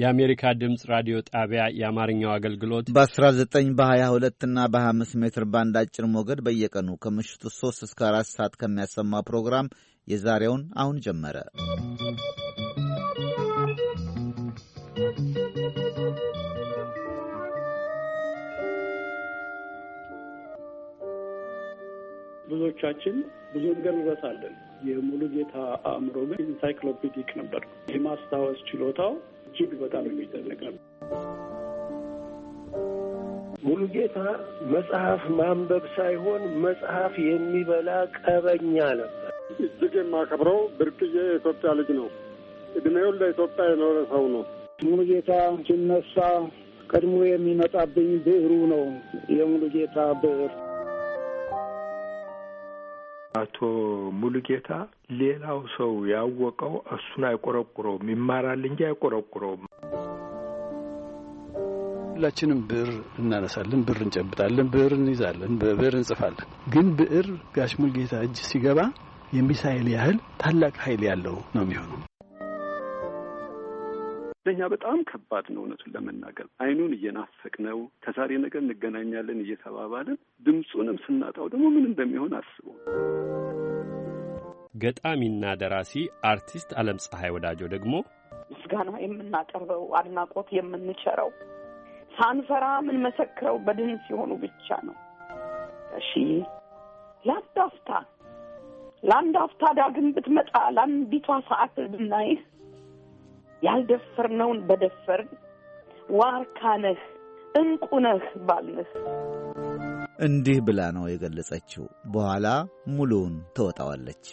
የአሜሪካ ድምፅ ራዲዮ ጣቢያ የአማርኛው አገልግሎት በ19 በ22 እና በ25 ሜትር ባንድ አጭር ሞገድ በየቀኑ ከምሽቱ 3 እስከ 4 ሰዓት ከሚያሰማው ፕሮግራም የዛሬውን አሁን ጀመረ። ብዙዎቻችን ብዙ ነገር እንረሳለን። የሙሉ ጌታ አእምሮ ግን ኢንሳይክሎፒዲክ ነበር። የማስታወስ ችሎታው እጅግ በጣም የሚደነቅ ነበር። ሙሉ ጌታ መጽሐፍ ማንበብ ሳይሆን መጽሐፍ የሚበላ ቀበኛ ነበር። እጅግ የማከብረው ብርቅዬ የኢትዮጵያ ልጅ ነው። እድሜውን ለኢትዮጵያ የኖረ ሰው ነው። ሙሉ ጌታ ሲነሳ ቀድሞ የሚመጣብኝ ብዕሩ ነው። የሙሉ ጌታ ብዕር አቶ ሙሉጌታ ሌላው ሰው ያወቀው እሱን አይቆረቁረውም፣ ይማራል እንጂ አይቆረቁረውም። ሁላችንም ብዕር እናነሳለን፣ ብዕር እንጨብጣለን፣ ብዕር እንይዛለን፣ ብዕር እንጽፋለን። ግን ብዕር ጋሽ ሙልጌታ እጅ ሲገባ የሚሳይል ያህል ታላቅ ኃይል ያለው ነው የሚሆነው። ለእኛ በጣም ከባድ ነው እውነቱን ለመናገር አይኑን እየናፈቅ ነው ከዛሬ ነገር እንገናኛለን እየተባባልን ድምፁንም ስናጣው ደግሞ ምን እንደሚሆን አስበው ገጣሚና ደራሲ አርቲስት አለም ፀሐይ ወዳጆ ደግሞ ምስጋና የምናቀርበው አድናቆት የምንቸረው ሳንፈራ የምንመሰክረው በድህን ሲሆኑ ብቻ ነው። እሺ ለአንድ አፍታ ለአንድ አፍታ ዳግም ብትመጣ ለአንዲቷ ሰዓት ብናይህ ያልደፈርነውን በደፈርን ዋርካነህ እንቁነህ ባልንህ እንዲህ ብላ ነው የገለጸችው። በኋላ ሙሉውን ትወጣዋለች።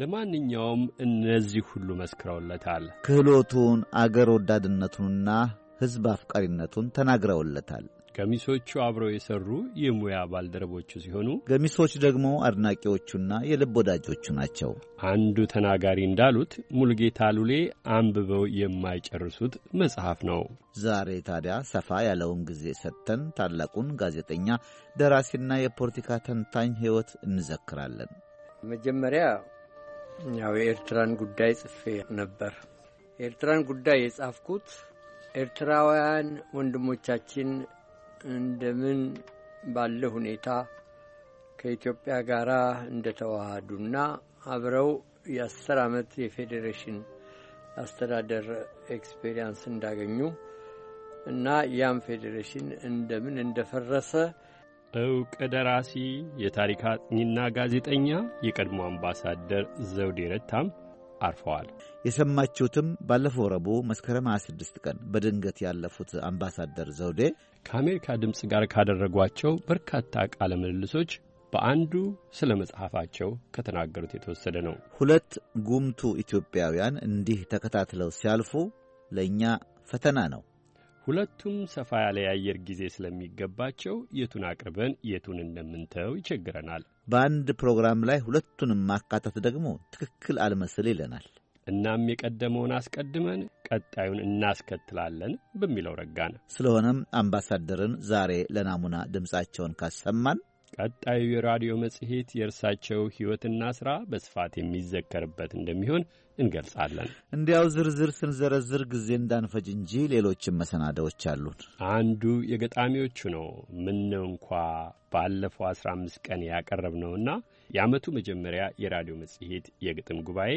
ለማንኛውም እነዚህ ሁሉ መስክረውለታል። ክህሎቱን፣ አገር ወዳድነቱንና ሕዝብ አፍቃሪነቱን ተናግረውለታል። ገሚሶቹ አብረው የሰሩ የሙያ ባልደረቦቹ ሲሆኑ ገሚሶች ደግሞ አድናቂዎቹና የልብ ወዳጆቹ ናቸው። አንዱ ተናጋሪ እንዳሉት ሙሉጌታ ሉሌ አንብበው የማይጨርሱት መጽሐፍ ነው። ዛሬ ታዲያ ሰፋ ያለውን ጊዜ ሰጥተን ታላቁን ጋዜጠኛ ደራሲና የፖለቲካ ተንታኝ ሕይወት እንዘክራለን። መጀመሪያ ያው የኤርትራን ጉዳይ ጽፌ ነበር። የኤርትራን ጉዳይ የጻፍኩት ኤርትራውያን ወንድሞቻችን እንደምን ባለ ሁኔታ ከኢትዮጵያ ጋር እንደተዋሃዱና አብረው የአስር ዓመት የፌዴሬሽን አስተዳደር ኤክስፔሪንስ እንዳገኙ እና ያም ፌዴሬሽን እንደምን እንደፈረሰ እውቅ ደራሲ የታሪክ አጥኚና ጋዜጠኛ የቀድሞ አምባሳደር ዘውዴ ረታም አርፈዋል። የሰማችሁትም ባለፈው ረቡዕ መስከረም 26 ቀን በድንገት ያለፉት አምባሳደር ዘውዴ ከአሜሪካ ድምፅ ጋር ካደረጓቸው በርካታ ቃለ ምልልሶች በአንዱ ስለ መጽሐፋቸው ከተናገሩት የተወሰደ ነው። ሁለት ጉምቱ ኢትዮጵያውያን እንዲህ ተከታትለው ሲያልፉ ለእኛ ፈተና ነው። ሁለቱም ሰፋ ያለ የአየር ጊዜ ስለሚገባቸው የቱን አቅርበን የቱን እንደምንተው ይቸግረናል። በአንድ ፕሮግራም ላይ ሁለቱንም ማካተት ደግሞ ትክክል አልመስል ይለናል። እናም የቀደመውን አስቀድመን ቀጣዩን እናስከትላለን በሚለው ረጋ ነው። ስለሆነም አምባሳደርን ዛሬ ለናሙና ድምፃቸውን ካሰማን ቀጣዩ የራዲዮ መጽሔት የእርሳቸው ሕይወትና ሥራ በስፋት የሚዘከርበት እንደሚሆን እንገልጻለን። እንዲያው ዝርዝር ስንዘረዝር ጊዜ እንዳንፈጅ እንጂ ሌሎችም መሰናዳዎች አሉን። አንዱ የገጣሚዎቹ ነው። ምነው እንኳ ባለፈው አስራ አምስት ቀን ያቀረብነውና የዓመቱ መጀመሪያ የራዲዮ መጽሔት የግጥም ጉባኤ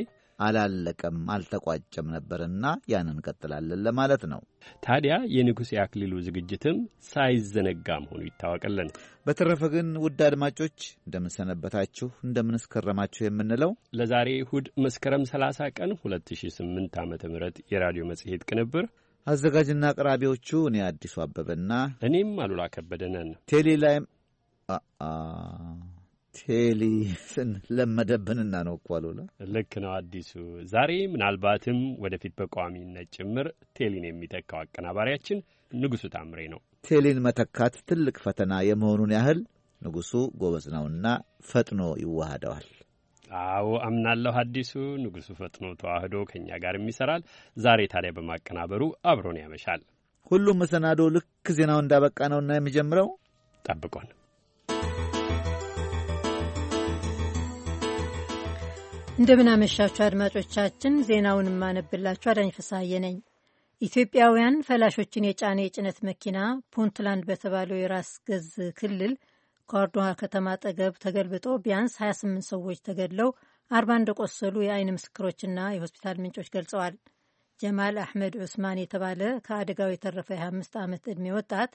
አላለቀም አልተቋጨም ነበርና ያንን እንቀጥላለን ለማለት ነው። ታዲያ የንጉሴ አክሊሉ ዝግጅትም ሳይዘነጋ መሆኑ ይታወቅልን። በተረፈ ግን ውድ አድማጮች እንደምንሰነበታችሁ፣ እንደምንስከረማችሁ የምንለው ለዛሬ እሁድ መስከረም 30 ቀን 2008 ዓ ም የራዲዮ መጽሔት ቅንብር አዘጋጅና አቅራቢዎቹ እኔ አዲሱ አበበና እኔም አሉላ ከበደነን ቴሌላይም ቴሊ ለመደብንና ነው እኮ አሉላ። ልክ ነው አዲሱ። ዛሬ ምናልባትም ወደፊት በቋሚነት ጭምር ቴሊን የሚተካው አቀናባሪያችን ንጉሱ ታምሬ ነው። ቴሊን መተካት ትልቅ ፈተና የመሆኑን ያህል ንጉሱ ጎበዝ ነውና ፈጥኖ ይዋሃደዋል። አዎ አምናለሁ አዲሱ። ንጉሱ ፈጥኖ ተዋህዶ ከእኛ ጋር ይሰራል። ዛሬ ታዲያ በማቀናበሩ አብሮን ያመሻል። ሁሉም መሰናዶ ልክ ዜናው እንዳበቃ ነውና የሚጀምረው ጠብቆን እንደምናመሻችሁ አድማጮቻችን፣ ዜናውን የማነብላችሁ አዳኝ ፍሳዬ ነኝ። ኢትዮጵያውያን ፈላሾችን የጫነ የጭነት መኪና ፑንትላንድ በተባለው የራስ ገዝ ክልል ከዋርዶሃ ከተማ አጠገብ ተገልብጦ ቢያንስ 28 ሰዎች ተገድለው አርባ እንደቆሰሉ የአይን ምስክሮችና የሆስፒታል ምንጮች ገልጸዋል። ጀማል አሕመድ ዑስማን የተባለ ከአደጋው የተረፈ የ25 ዓመት ዕድሜ ወጣት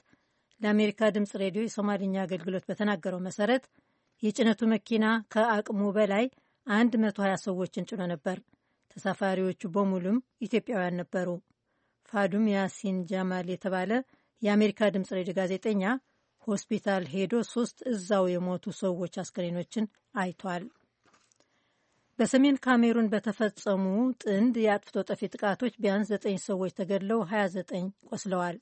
ለአሜሪካ ድምፅ ሬዲዮ የሶማሊኛ አገልግሎት በተናገረው መሰረት የጭነቱ መኪና ከአቅሙ በላይ 120 ሰዎችን ጭኖ ነበር። ተሳፋሪዎቹ በሙሉም ኢትዮጵያውያን ነበሩ። ፋዱም ያሲን ጃማል የተባለ የአሜሪካ ድምፅ ሬዲዮ ጋዜጠኛ ሆስፒታል ሄዶ ሶስት እዛው የሞቱ ሰዎች አስክሬኖችን አይቷል። በሰሜን ካሜሩን በተፈጸሙ ጥንድ የአጥፍቶ ጠፊ ጥቃቶች ቢያንስ ዘጠኝ ሰዎች ተገድለው 29 ቆስለዋል።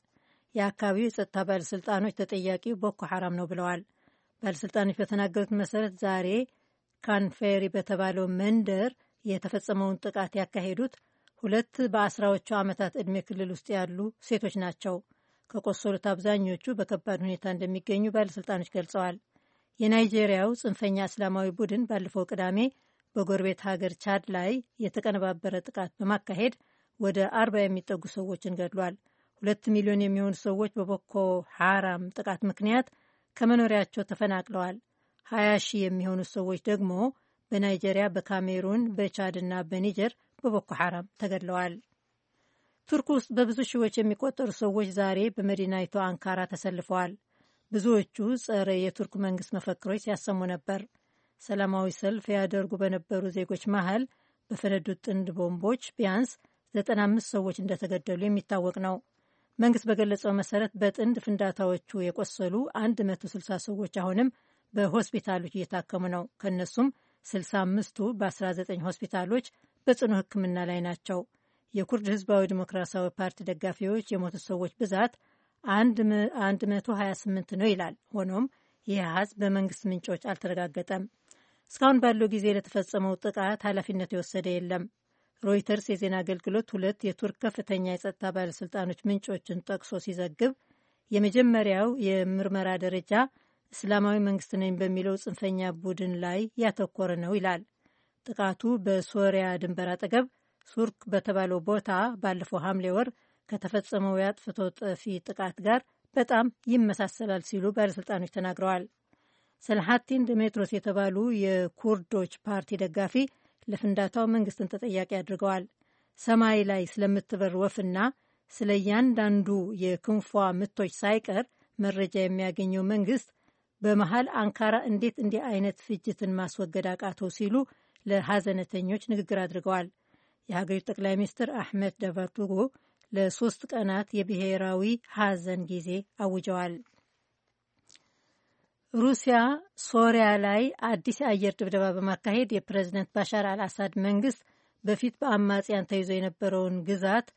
የአካባቢው የጸጥታ ባለሥልጣኖች ተጠያቂው ቦኮ ሐራም ነው ብለዋል። ባለሥልጣኖች በተናገሩት መሠረት ዛሬ ካንፌሪ በተባለው መንደር የተፈጸመውን ጥቃት ያካሄዱት ሁለት በአስራዎቹ ዓመታት ዕድሜ ክልል ውስጥ ያሉ ሴቶች ናቸው። ከቆሰሉት አብዛኞቹ በከባድ ሁኔታ እንደሚገኙ ባለሥልጣኖች ገልጸዋል። የናይጄሪያው ጽንፈኛ እስላማዊ ቡድን ባለፈው ቅዳሜ በጎረቤት ሀገር ቻድ ላይ የተቀነባበረ ጥቃት በማካሄድ ወደ አርባ የሚጠጉ ሰዎችን ገድሏል። ሁለት ሚሊዮን የሚሆኑ ሰዎች በቦኮ ሐራም ጥቃት ምክንያት ከመኖሪያቸው ተፈናቅለዋል። ሀያ ሺህ የሚሆኑ ሰዎች ደግሞ በናይጄሪያ፣ በካሜሩን፣ በቻድና በኒጀር በቦኮ ሐራም ተገድለዋል። ቱርክ ውስጥ በብዙ ሺዎች የሚቆጠሩ ሰዎች ዛሬ በመዲናይቱ አንካራ ተሰልፈዋል። ብዙዎቹ ጸረ የቱርክ መንግስት መፈክሮች ሲያሰሙ ነበር። ሰላማዊ ሰልፍ ያደርጉ በነበሩ ዜጎች መሀል በፈነዱት ጥንድ ቦምቦች ቢያንስ 95 ሰዎች እንደተገደሉ የሚታወቅ ነው። መንግሥት በገለጸው መሠረት በጥንድ ፍንዳታዎቹ የቆሰሉ 160 ሰዎች አሁንም በሆስፒታሎች እየታከሙ ነው። ከእነሱም 65ቱ በ19 ሆስፒታሎች በጽኑ ሕክምና ላይ ናቸው። የኩርድ ህዝባዊ ዲሞክራሲያዊ ፓርቲ ደጋፊዎች የሞቱት ሰዎች ብዛት 128 ነው ይላል። ሆኖም ይህ አሃዝ በመንግስት ምንጮች አልተረጋገጠም። እስካሁን ባለው ጊዜ ለተፈጸመው ጥቃት ኃላፊነት የወሰደ የለም። ሮይተርስ የዜና አገልግሎት ሁለት የቱርክ ከፍተኛ የጸጥታ ባለሥልጣኖች ምንጮችን ጠቅሶ ሲዘግብ የመጀመሪያው የምርመራ ደረጃ እስላማዊ መንግስት ነኝ በሚለው ጽንፈኛ ቡድን ላይ ያተኮረ ነው ይላል። ጥቃቱ በሶሪያ ድንበር አጠገብ ሱርክ በተባለው ቦታ ባለፈው ሐምሌ ወር ከተፈጸመው የአጥፍቶ ጠፊ ጥቃት ጋር በጣም ይመሳሰላል ሲሉ ባለሥልጣኖች ተናግረዋል። ሰልሐቲን ድሜትሮስ የተባሉ የኩርዶች ፓርቲ ደጋፊ ለፍንዳታው መንግስትን ተጠያቂ አድርገዋል። ሰማይ ላይ ስለምትበር ወፍና ስለ እያንዳንዱ የክንፏ ምቶች ሳይቀር መረጃ የሚያገኘው መንግስት በመሀል አንካራ እንዴት እንዲህ አይነት ፍጅትን ማስወገድ አቃተው ሲሉ ለሀዘነተኞች ንግግር አድርገዋል። የሀገሪቱ ጠቅላይ ሚኒስትር አሕመድ ዳቫቱጎ ለሶስት ቀናት የብሔራዊ ሀዘን ጊዜ አውጀዋል። ሩሲያ ሶሪያ ላይ አዲስ የአየር ድብደባ በማካሄድ የፕሬዝደንት ባሻር አልአሳድ መንግስት በፊት በአማጽያን ተይዞ የነበረውን ግዛት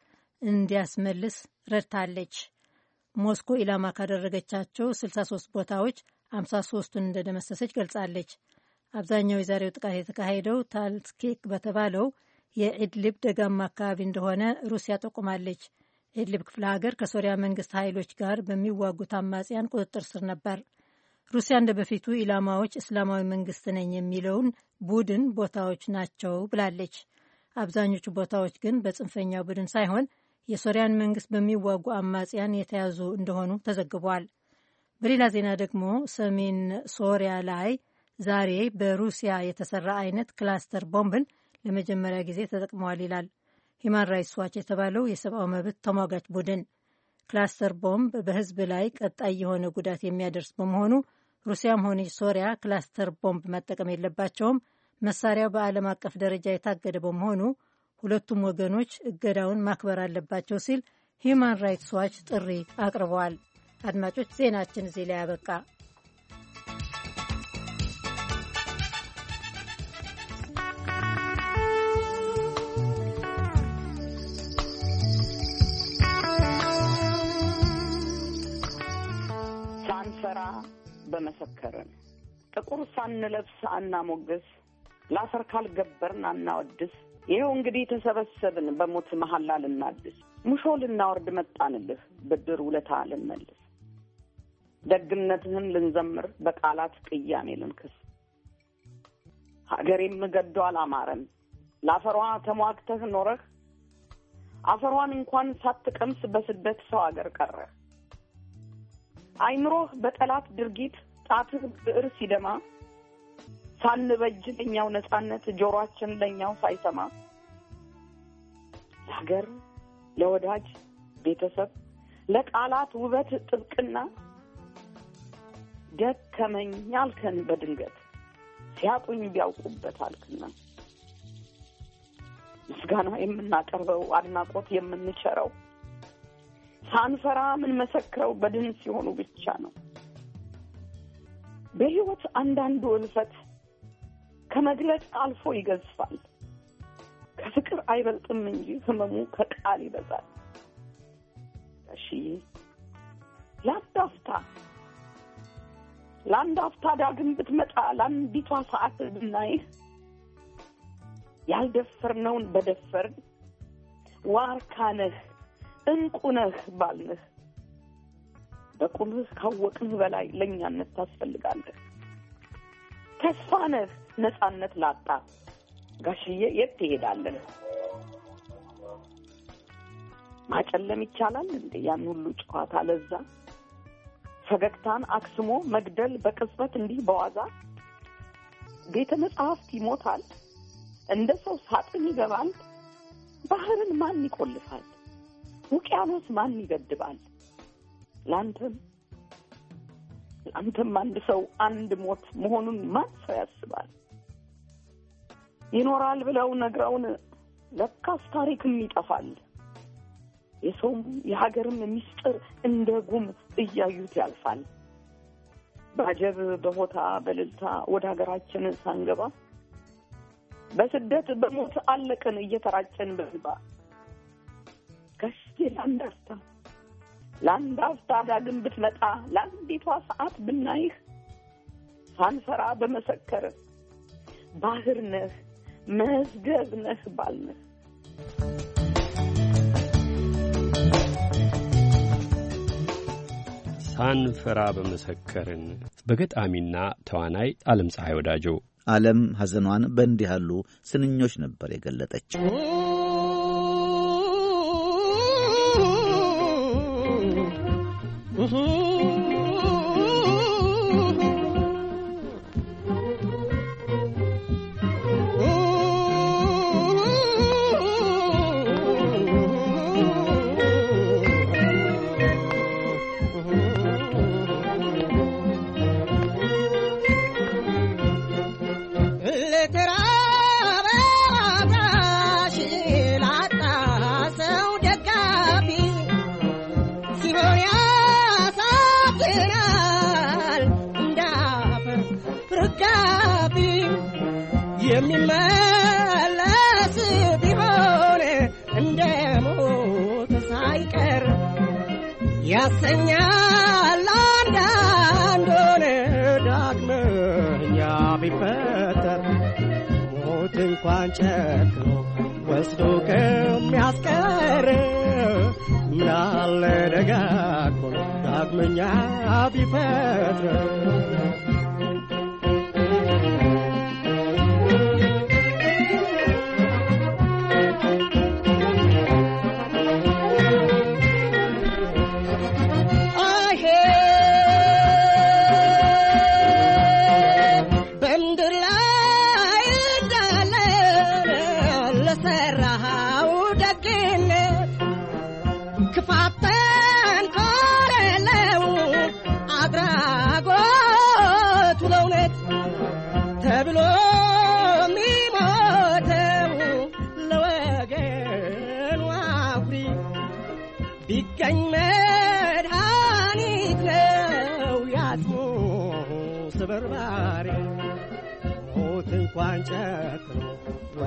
እንዲያስመልስ ረድታለች። ሞስኮ ኢላማ ካደረገቻቸው 63 ቦታዎች አምሳ ሶስቱን እንደደመሰሰች ገልጻለች። አብዛኛው የዛሬው ጥቃት የተካሄደው ታልትኬክ በተባለው የኢድሊብ ደጋማ አካባቢ እንደሆነ ሩሲያ ጠቁማለች። ኢድሊብ ክፍለ ሀገር ከሶሪያ መንግስት ኃይሎች ጋር በሚዋጉት አማጽያን ቁጥጥር ስር ነበር። ሩሲያ እንደ በፊቱ ኢላማዎች እስላማዊ መንግስት ነኝ የሚለውን ቡድን ቦታዎች ናቸው ብላለች። አብዛኞቹ ቦታዎች ግን በጽንፈኛ ቡድን ሳይሆን የሶሪያን መንግስት በሚዋጉ አማጽያን የተያዙ እንደሆኑ ተዘግቧል። በሌላ ዜና ደግሞ ሰሜን ሶሪያ ላይ ዛሬ በሩሲያ የተሰራ አይነት ክላስተር ቦምብን ለመጀመሪያ ጊዜ ተጠቅመዋል ይላል ሂማን ራይትስ ዋች የተባለው የሰብአዊ መብት ተሟጋች ቡድን። ክላስተር ቦምብ በህዝብ ላይ ቀጣይ የሆነ ጉዳት የሚያደርስ በመሆኑ ሩሲያም ሆነች ሶሪያ ክላስተር ቦምብ መጠቀም የለባቸውም፣ መሳሪያው በዓለም አቀፍ ደረጃ የታገደ በመሆኑ ሁለቱም ወገኖች እገዳውን ማክበር አለባቸው ሲል ሂማን ራይትስ ዋች ጥሪ አቅርበዋል። አድማጮች ዜናችን እዚህ ላይ ያበቃ። ሳንሰራ በመሰከርን ጥቁር ሳንለብስ አናሞገስ ላፈር ካልገበርን አናወድስ ይኸው እንግዲህ ተሰበሰብን በሞት መሐላ ልናድስ ሙሾ ልናወርድ መጣንልህ ብድር ውለታ ልንመልስ ደግነትህን ልንዘምር በቃላት ቅያሜ ልንክስ። ሀገሬም ገዶ አላማረን ለአፈሯ ተሟግተህ ኖረህ አፈሯን እንኳን ሳትቀምስ በስደት ሰው አገር ቀረህ። አይምሮህ በጠላት ድርጊት ጣትህ ብዕር ሲደማ ሳንበጅ ለእኛው ነጻነት ጆሯችን ለእኛው ሳይሰማ ለሀገር ለወዳጅ ቤተሰብ ለቃላት ውበት ጥብቅና ደከመኝ ያልከን በድንገት ሲያጡኝ ቢያውቁበት አልክና ምስጋና የምናቀርበው አድናቆት የምንቸረው ሳንፈራ የምንመሰክረው በድን ሲሆኑ ብቻ ነው። በሕይወት አንዳንዱ እልፈት ከመግለጽ አልፎ ይገዝፋል። ከፍቅር አይበልጥም እንጂ ህመሙ ከቃል ይበዛል። እሺ ላዳፍታ ለአንድ አፍታ ዳግም ብትመጣ ለአንዲቷ ሰዓት ብናይህ ያልደፈርነውን በደፈርን ዋርካነህ እንቁነህ ባልንህ በቁምህ ካወቅንህ በላይ ለእኛነት ታስፈልጋለህ። ተስፋነህ ነፃነት ላጣ ጋሽዬ የት ትሄዳለህ? ማጨለም ይቻላል እንዴ? ያን ሁሉ ጨዋታ ለዛ ፈገግታን አክስሞ መግደል በቅጽበት እንዲህ በዋዛ ቤተ መጽሐፍት ይሞታል፣ እንደ ሰው ሳጥን ይገባል። ባህርን ማን ይቆልፋል? ውቅያኖስ ማን ይገድባል? ለአንተም ለአንተም አንድ ሰው አንድ ሞት መሆኑን ማን ሰው ያስባል? ይኖራል ብለው ነግረውን ለካስ ታሪክም ይጠፋል። የሰውም የሀገርም ሚስጥር እንደ ጉም እያዩት ያልፋል። በአጀብ በሆታ በልልታ ወደ ሀገራችን ሳንገባ በስደት በሞት አለቅን እየተራጨን በልባ ከስቴ ላንዳፍታ ላንዳፍታ ዳግም ብትመጣ ለአንዲቷ ሰዓት ብናይህ ሳንፈራ በመሰከር ባህር ነህ መዝገብ ነህ ባልነህ ሳንፈራ በመሰከርን በገጣሚና ተዋናይ ዓለም ፀሐይ ወዳጆ። ዓለም ሐዘኗን በእንዲህ ያሉ ስንኞች ነበር የገለጠች። Mm-hmm. ያሳዝናል እንዳፈር ፍርዳቢ የሚመለስ ቢሆን እንደ ሞት ሳይቀር ያሰኛል አንዳንዶን ዳግመኛ ቢፈጠር ሞት እንኳን ጨክኖ ወስዶ ከሚያስቀር ምናለ ደጋግሞ ዳግመኛ ቢፈጥር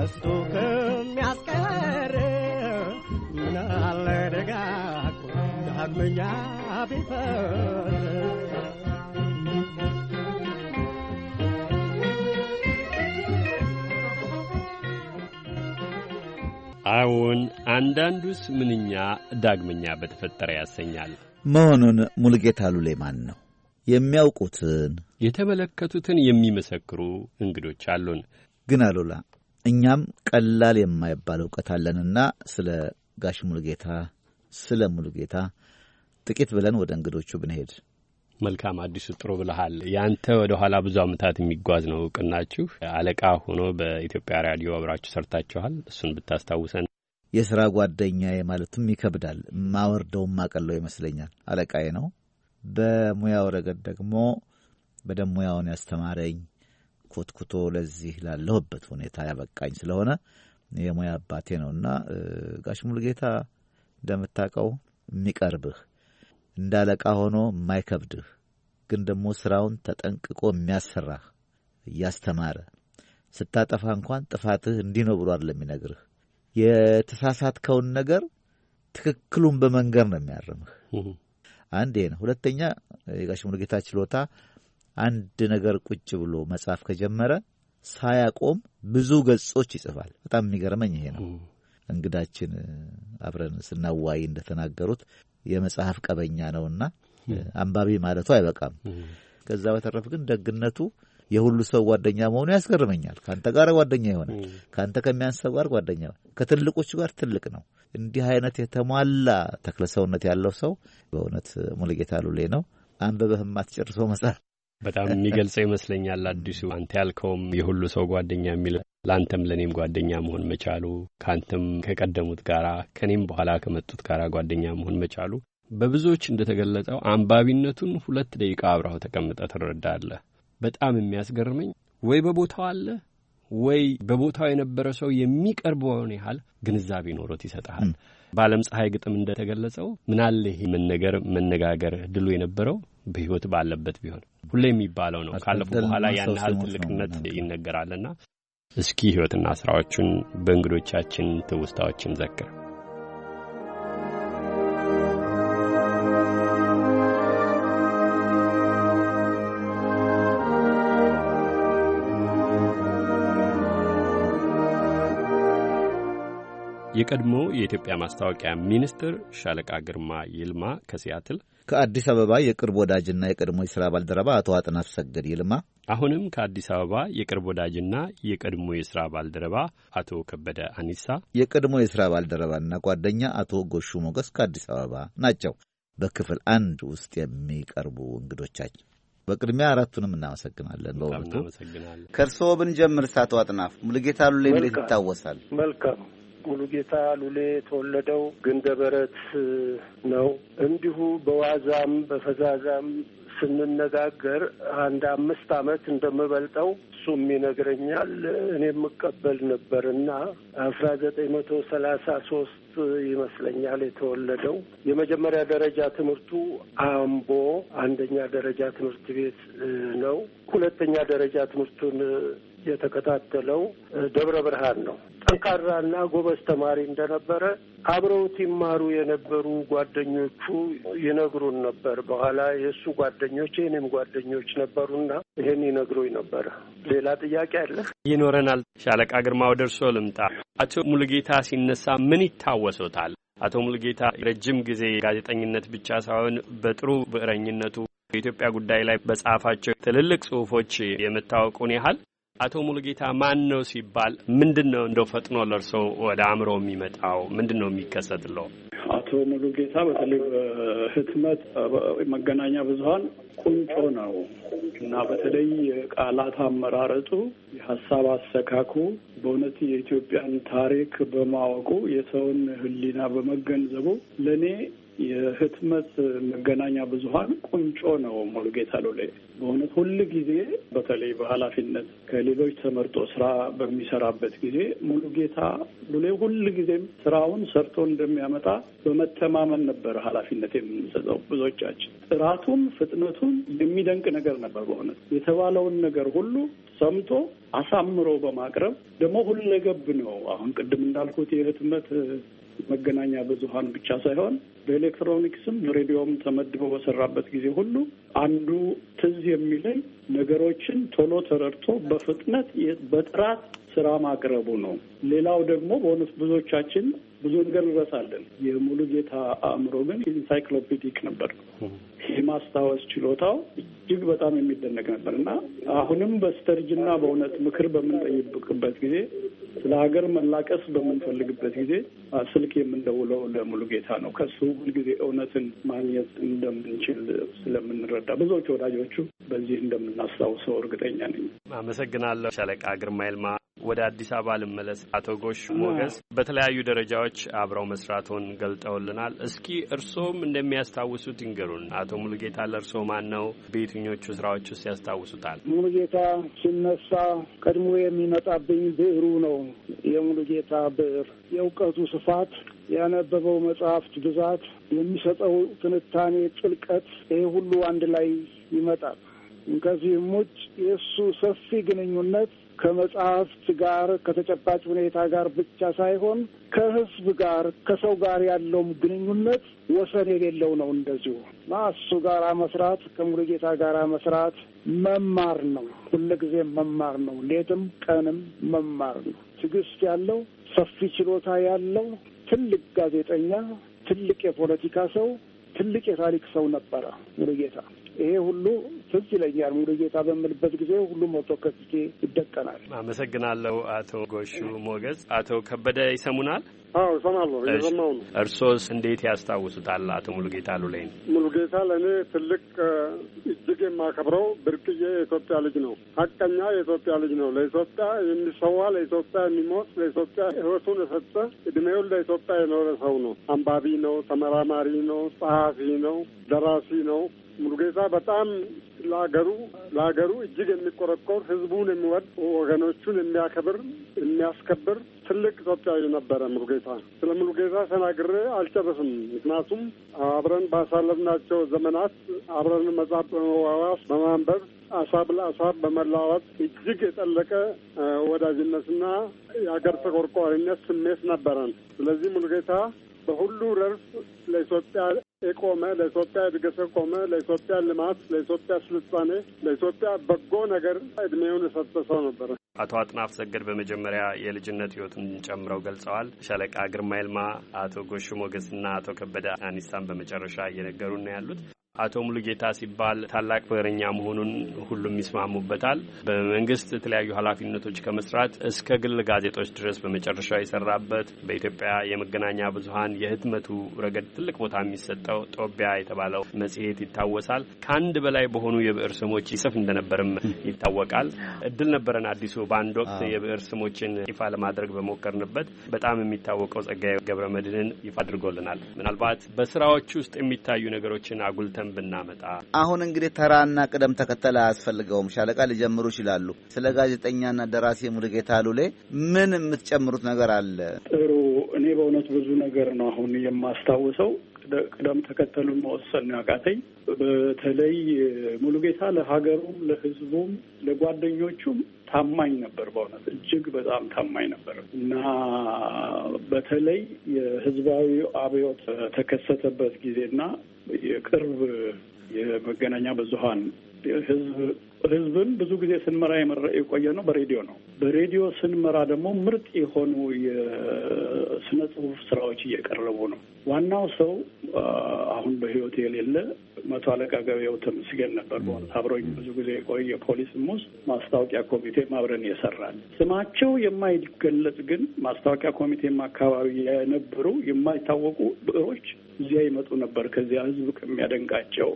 ከሱ ከሚያስቀር ዳግመኛ ቢፈር አዎን አንዳንዱስ ምንኛ ዳግመኛ በተፈጠረ ያሰኛል መሆኑን ሙልጌታ ሉሌ ማን ነው የሚያውቁትን የተመለከቱትን የሚመሰክሩ እንግዶች አሉን። ግን አሉላ እኛም ቀላል የማይባል እውቀት አለንና ስለ ጋሽ ሙሉጌታ ስለ ሙሉጌታ ጥቂት ብለን ወደ እንግዶቹ ብንሄድ መልካም። አዲሱ ጥሩ ብልሃል። ያንተ ወደ ኋላ ብዙ ዓመታት የሚጓዝ ነው እውቅናችሁ። አለቃ ሆኖ በኢትዮጵያ ራዲዮ አብራችሁ ሰርታችኋል። እሱን ብታስታውሰን። የስራ ጓደኛዬ ማለትም ይከብዳል። ማወርደው ማቀለው ይመስለኛል። አለቃዬ ነው። በሙያው ረገድ ደግሞ በደም ሙያውን ያስተማረኝ ኮትኩቶ ለዚህ ላለሁበት ሁኔታ ያበቃኝ ስለሆነ የሙያ አባቴ ነውና ጋሽ ሙሉጌታ እንደምታውቀው የሚቀርብህ እንዳለቃ ሆኖ የማይከብድህ ግን ደግሞ ስራውን ተጠንቅቆ የሚያሰራህ እያስተማረ ስታጠፋ እንኳን ጥፋትህ እንዲህ ነው ብሎ አይደለም የሚነግርህ። የተሳሳትከውን ነገር ትክክሉን በመንገር ነው የሚያርምህ። አንድ ይሄ ነው። ሁለተኛ የጋሽ ሙሉጌታ ችሎታ አንድ ነገር ቁጭ ብሎ መጻፍ ከጀመረ ሳያቆም ብዙ ገጾች ይጽፋል። በጣም የሚገርመኝ ይሄ ነው። እንግዳችን አብረን ስናዋይ እንደተናገሩት የመጽሐፍ ቀበኛ ነውና አንባቢ ማለቱ አይበቃም። ከዛ በተረፍ ግን ደግነቱ የሁሉ ሰው ጓደኛ መሆኑ ያስገርመኛል። ከአንተ ጋር ጓደኛ ይሆናል። ከአንተ ከሚያንስ ሰው ጋር ጓደኛ፣ ከትልቆቹ ጋር ትልቅ ነው። እንዲህ አይነት የተሟላ ተክለ ሰውነት ያለው ሰው በእውነት ሙሉጌታ ሉሌ ነው። አንብበህ የማትጨርሰው መጽሐፍ በጣም የሚገልጸው ይመስለኛል። አዲሱ አንተ ያልከውም የሁሉ ሰው ጓደኛ የሚል ለአንተም ለእኔም ጓደኛ መሆን መቻሉ ከአንተም ከቀደሙት ጋራ ከእኔም በኋላ ከመጡት ጋራ ጓደኛ መሆን መቻሉ በብዙዎች እንደተገለጸው አንባቢነቱን ሁለት ደቂቃ አብረው ተቀምጠ ትረዳለህ። በጣም የሚያስገርመኝ ወይ በቦታው አለ ወይ በቦታው የነበረ ሰው የሚቀርበውን ያህል ግንዛቤ ኖሮት ይሰጠሃል። በዓለም ፀሐይ ግጥም እንደተገለጸው ምናለ ይሄ መነጋገር እድሉ የነበረው በህይወት ባለበት ቢሆን ሁሌ የሚባለው ነው። ካለፉ በኋላ ያን ያህል ትልቅነት ይነገራልና እስኪ ህይወትና ስራዎቹን በእንግዶቻችን ትውስታዎችን ዘክር። የቀድሞ የኢትዮጵያ ማስታወቂያ ሚኒስትር ሻለቃ ግርማ ይልማ ከሲያትል ከአዲስ አበባ የቅርብ ወዳጅና የቀድሞ የሥራ ባልደረባ አቶ አጥናፍ ሰገድ ይልማ፣ አሁንም ከአዲስ አበባ የቅርብ ወዳጅና የቀድሞ የሥራ ባልደረባ አቶ ከበደ አኒሳ፣ የቀድሞ የሥራ ባልደረባና ጓደኛ አቶ ጎሹ ሞገስ ከአዲስ አበባ ናቸው በክፍል አንድ ውስጥ የሚቀርቡ እንግዶቻችን። በቅድሚያ አራቱንም እናመሰግናለን። በእውነቱ ከእርስዎ ብንጀምር ሳቶ አጥናፍ ሙልጌታ ሉሌ እንዴት ይታወሳል? መልካም ሙሉጌታ ሉሌ የተወለደው ግንደበረት ነው። እንዲሁ በዋዛም በፈዛዛም ስንነጋገር አንድ አምስት አመት እንደምበልጠው እሱም ይነግረኛል እኔም የምቀበል ነበር እና አስራ ዘጠኝ መቶ ሰላሳ ሶስት ይመስለኛል የተወለደው። የመጀመሪያ ደረጃ ትምህርቱ አምቦ አንደኛ ደረጃ ትምህርት ቤት ነው። ሁለተኛ ደረጃ ትምህርቱን የተከታተለው ደብረ ብርሃን ነው። ጠንካራና ጎበዝ ተማሪ እንደነበረ አብረውት ይማሩ የነበሩ ጓደኞቹ ይነግሩን ነበር። በኋላ የእሱ ጓደኞች የእኔም ጓደኞች ነበሩና ይህን ይነግሩኝ ነበረ። ሌላ ጥያቄ አለ ይኖረናል። ሻለቃ ግርማ ወደ እርሶ ልምጣ። አቶ ሙሉጌታ ሲነሳ ምን ይታወሶታል? አቶ ሙሉጌታ ረጅም ጊዜ ጋዜጠኝነት ብቻ ሳይሆን በጥሩ ብዕረኝነቱ በኢትዮጵያ ጉዳይ ላይ በጻፋቸው ትልልቅ ጽሁፎች የመታወቁን ያህል አቶ ሙሉጌታ ማን ነው ሲባል ምንድን ነው እንደው ፈጥኖ ለእርሶ ወደ አእምሮ የሚመጣው ምንድን ነው የሚከሰትለው? አቶ ሙሉጌታ በተለይ በህትመት መገናኛ ብዙኃን ቁንጮ ነው እና በተለይ የቃላት አመራረጡ፣ የሀሳብ አሰካኩ በእውነት የኢትዮጵያን ታሪክ በማወቁ የሰውን ሕሊና በመገንዘቡ ለእኔ የህትመት መገናኛ ብዙሀን ቁንጮ ነው። ሙሉጌታ ሉሌ በእውነት ሁል ጊዜ በተለይ በኃላፊነት ከሌሎች ተመርጦ ስራ በሚሰራበት ጊዜ ሙሉጌታ ሎሌ ሁል ጊዜም ስራውን ሰርቶ እንደሚያመጣ በመተማመን ነበር ኃላፊነት የምንሰጠው ብዙዎቻችን። ጥራቱም ፍጥነቱም የሚደንቅ ነገር ነበር። በእውነት የተባለውን ነገር ሁሉ ሰምቶ አሳምሮ በማቅረብ ደግሞ ሁለገብ ነው። አሁን ቅድም እንዳልኩት የህትመት መገናኛ ብዙሀን ብቻ ሳይሆን በኤሌክትሮኒክስም ሬዲዮም ተመድቦ በሰራበት ጊዜ ሁሉ አንዱ ትዝ የሚለኝ ነገሮችን ቶሎ ተረድቶ በፍጥነት በጥራት ስራ ማቅረቡ ነው። ሌላው ደግሞ በእውነት ብዙዎቻችን ብዙ ነገር እንረሳለን። የሙሉ ጌታ አእምሮ ግን ኢንሳይክሎፒዲክ ነበር። የማስታወስ ችሎታው እጅግ በጣም የሚደነቅ ነበር እና አሁንም በስተርጅና በእውነት ምክር በምንጠይቅበት ጊዜ ስለ ሀገር መላቀስ በምንፈልግበት ጊዜ ስልክ የምንደውለው ለሙሉ ጌታ ነው። ከሱ ሁልጊዜ እውነትን ማግኘት እንደምንችል ስለምንረዳ ብዙዎች ወዳጆቹ በዚህ እንደምናስታውሰው እርግጠኛ ነኝ። አመሰግናለሁ ሻለቃ ግርማ ይልማ። ወደ አዲስ አበባ ልመለስ። አቶ ጎሽ ሞገስ በተለያዩ ደረጃዎች አብረው መስራቶን ገልጠውልናል። እስኪ እርስዎም እንደሚያስታውሱት ይንገሩን። አቶ ሙሉጌታ ለእርስዎ ማን ነው? በየትኞቹ ስራዎች ውስጥ ያስታውሱታል? ሙሉጌታ ሲነሳ ቀድሞ የሚመጣብኝ ብዕሩ ነው። የሙሉጌታ ብዕር፣ የእውቀቱ ስፋት፣ ያነበበው መጽሐፍት ብዛት፣ የሚሰጠው ትንታኔ ጥልቀት፣ ይሄ ሁሉ አንድ ላይ ይመጣል። ከዚህም ውጭ የእሱ ሰፊ ግንኙነት ከመጽሐፍት ጋር ከተጨባጭ ሁኔታ ጋር ብቻ ሳይሆን ከህዝብ ጋር ከሰው ጋር ያለውም ግንኙነት ወሰን የሌለው ነው። እንደዚሁ እሱ ጋር መስራት ከሙሉጌታ ጋር መስራት መማር ነው። ሁልጊዜ መማር ነው። ሌትም ቀንም መማር ነው። ትዕግስት ያለው ሰፊ ችሎታ ያለው ትልቅ ጋዜጠኛ፣ ትልቅ የፖለቲካ ሰው፣ ትልቅ የታሪክ ሰው ነበረ ሙሉጌታ። ይሄ ሁሉ ትዝ ይለኛል። ሙሉ ጌታ በምልበት ጊዜ ሁሉም ሞቶ ከስቴ ይደቀናል። አመሰግናለሁ። አቶ ጎሹ ሞገዝ። አቶ ከበደ ይሰሙናል? አዎ እሰማለሁ፣ እየሰማሁ ነው። እርሶስ እንዴት ያስታውሱታል? አቶ ሙሉጌታ ጌታ ሙሉጌታ ለእኔ ትልቅ እጅግ የማከብረው ብርቅዬ የኢትዮጵያ ልጅ ነው። ሀቀኛ የኢትዮጵያ ልጅ ነው። ለኢትዮጵያ የሚሰዋ ለኢትዮጵያ የሚሞት ለኢትዮጵያ ሕይወቱን የሰጠ እድሜውን ለኢትዮጵያ የኖረ ሰው ነው። አንባቢ ነው፣ ተመራማሪ ነው፣ ጸሐፊ ነው፣ ደራሲ ነው። ሙሉጌታ በጣም ለሀገሩ ለሀገሩ እጅግ የሚቆረቆር ህዝቡን የሚወድ ወገኖቹን የሚያከብር የሚያስከብር ትልቅ ኢትዮጵያዊ ነበረ ሙሉጌታ። ስለ ሙሉጌታ ተናግሬ አልጨርስም። ምክንያቱም አብረን ባሳለፍናቸው ዘመናት አብረን መጽሐፍ በመዋዋስ በማንበብ አሳብ ለአሳብ በመለዋወጥ እጅግ የጠለቀ ወዳጅነትና የአገር ተቆርቋሪነት ስሜት ነበረን። ስለዚህ ሙሉጌታ በሁሉ ረድፍ ለኢትዮጵያ የቆመ ለኢትዮጵያ እድገት የቆመ ለኢትዮጵያ ልማት፣ ለኢትዮጵያ ስልጣኔ፣ ለኢትዮጵያ በጎ ነገር እድሜውን የሰጠ ሰው ነበረ። አቶ አጥናፍ ሰገድ በመጀመሪያ የልጅነት ሕይወትን ጨምረው ገልጸዋል። ሻለቃ ግርማ ይልማ፣ አቶ ጎሹ ሞገስና አቶ ከበደ አኒሳን በመጨረሻ እየነገሩና ነው ያሉት። አቶ ሙሉጌታ ሲባል ታላቅ ፍቅረኛ መሆኑን ሁሉም ይስማሙበታል። በመንግስት የተለያዩ ኃላፊነቶች ከመስራት እስከ ግል ጋዜጦች ድረስ በመጨረሻ የሰራበት በኢትዮጵያ የመገናኛ ብዙኃን የህትመቱ ረገድ ትልቅ ቦታ የሚሰጠው ጦቢያ የተባለው መጽሔት ይታወሳል። ከአንድ በላይ በሆኑ የብዕር ስሞች ይጽፍ እንደነበርም ይታወቃል። እድል ነበረን አዲሱ በአንድ ወቅት የብዕር ስሞችን ይፋ ለማድረግ በሞከርንበት በጣም የሚታወቀው ጸጋዬ ገብረ መድህንን ይፋ አድርጎልናል። ምናልባት በስራዎች ውስጥ የሚታዩ ነገሮችን አጉልተ አጣርተን ብናመጣ። አሁን እንግዲህ ተራና ቅደም ተከተል አያስፈልገውም። ሻለቃ ሊጀምሩ ይችላሉ። ስለ ጋዜጠኛና ደራሲ ሙሉጌታ ሉሌ ምን የምትጨምሩት ነገር አለ? ጥሩ። እኔ በእውነት ብዙ ነገር ነው አሁን የማስታውሰው። ቅደም ተከተሉን መወሰን ነው ያቃተኝ። በተለይ ሙሉጌታ ለሀገሩም፣ ለህዝቡም ለጓደኞቹም ታማኝ ነበር። በእውነት እጅግ በጣም ታማኝ ነበር እና በተለይ የህዝባዊ አብዮት ተከሰተበት ጊዜና የቅርብ የመገናኛ ብዙሀን ህዝብ ህዝብን ብዙ ጊዜ ስንመራ የቆየ ነው በሬዲዮ ነው። በሬዲዮ ስንመራ ደግሞ ምርጥ የሆኑ የስነ ጽሁፍ ስራዎች እየቀረቡ ነው። ዋናው ሰው አሁን በህይወት የሌለ መቶ አለቃ ገበያው ተመስገን ነበር። በኋላ አብሮኝ ብዙ ጊዜ የቆየ ፖሊስም ውስጥ ማስታወቂያ ኮሚቴ አብረን የሰራል። ስማቸው የማይገለጽ ግን ማስታወቂያ ኮሚቴም አካባቢ የነበሩ የማይታወቁ ብዕሮች እዚያ ይመጡ ነበር። ከዚያ ህዝብ ከሚያደንቃቸው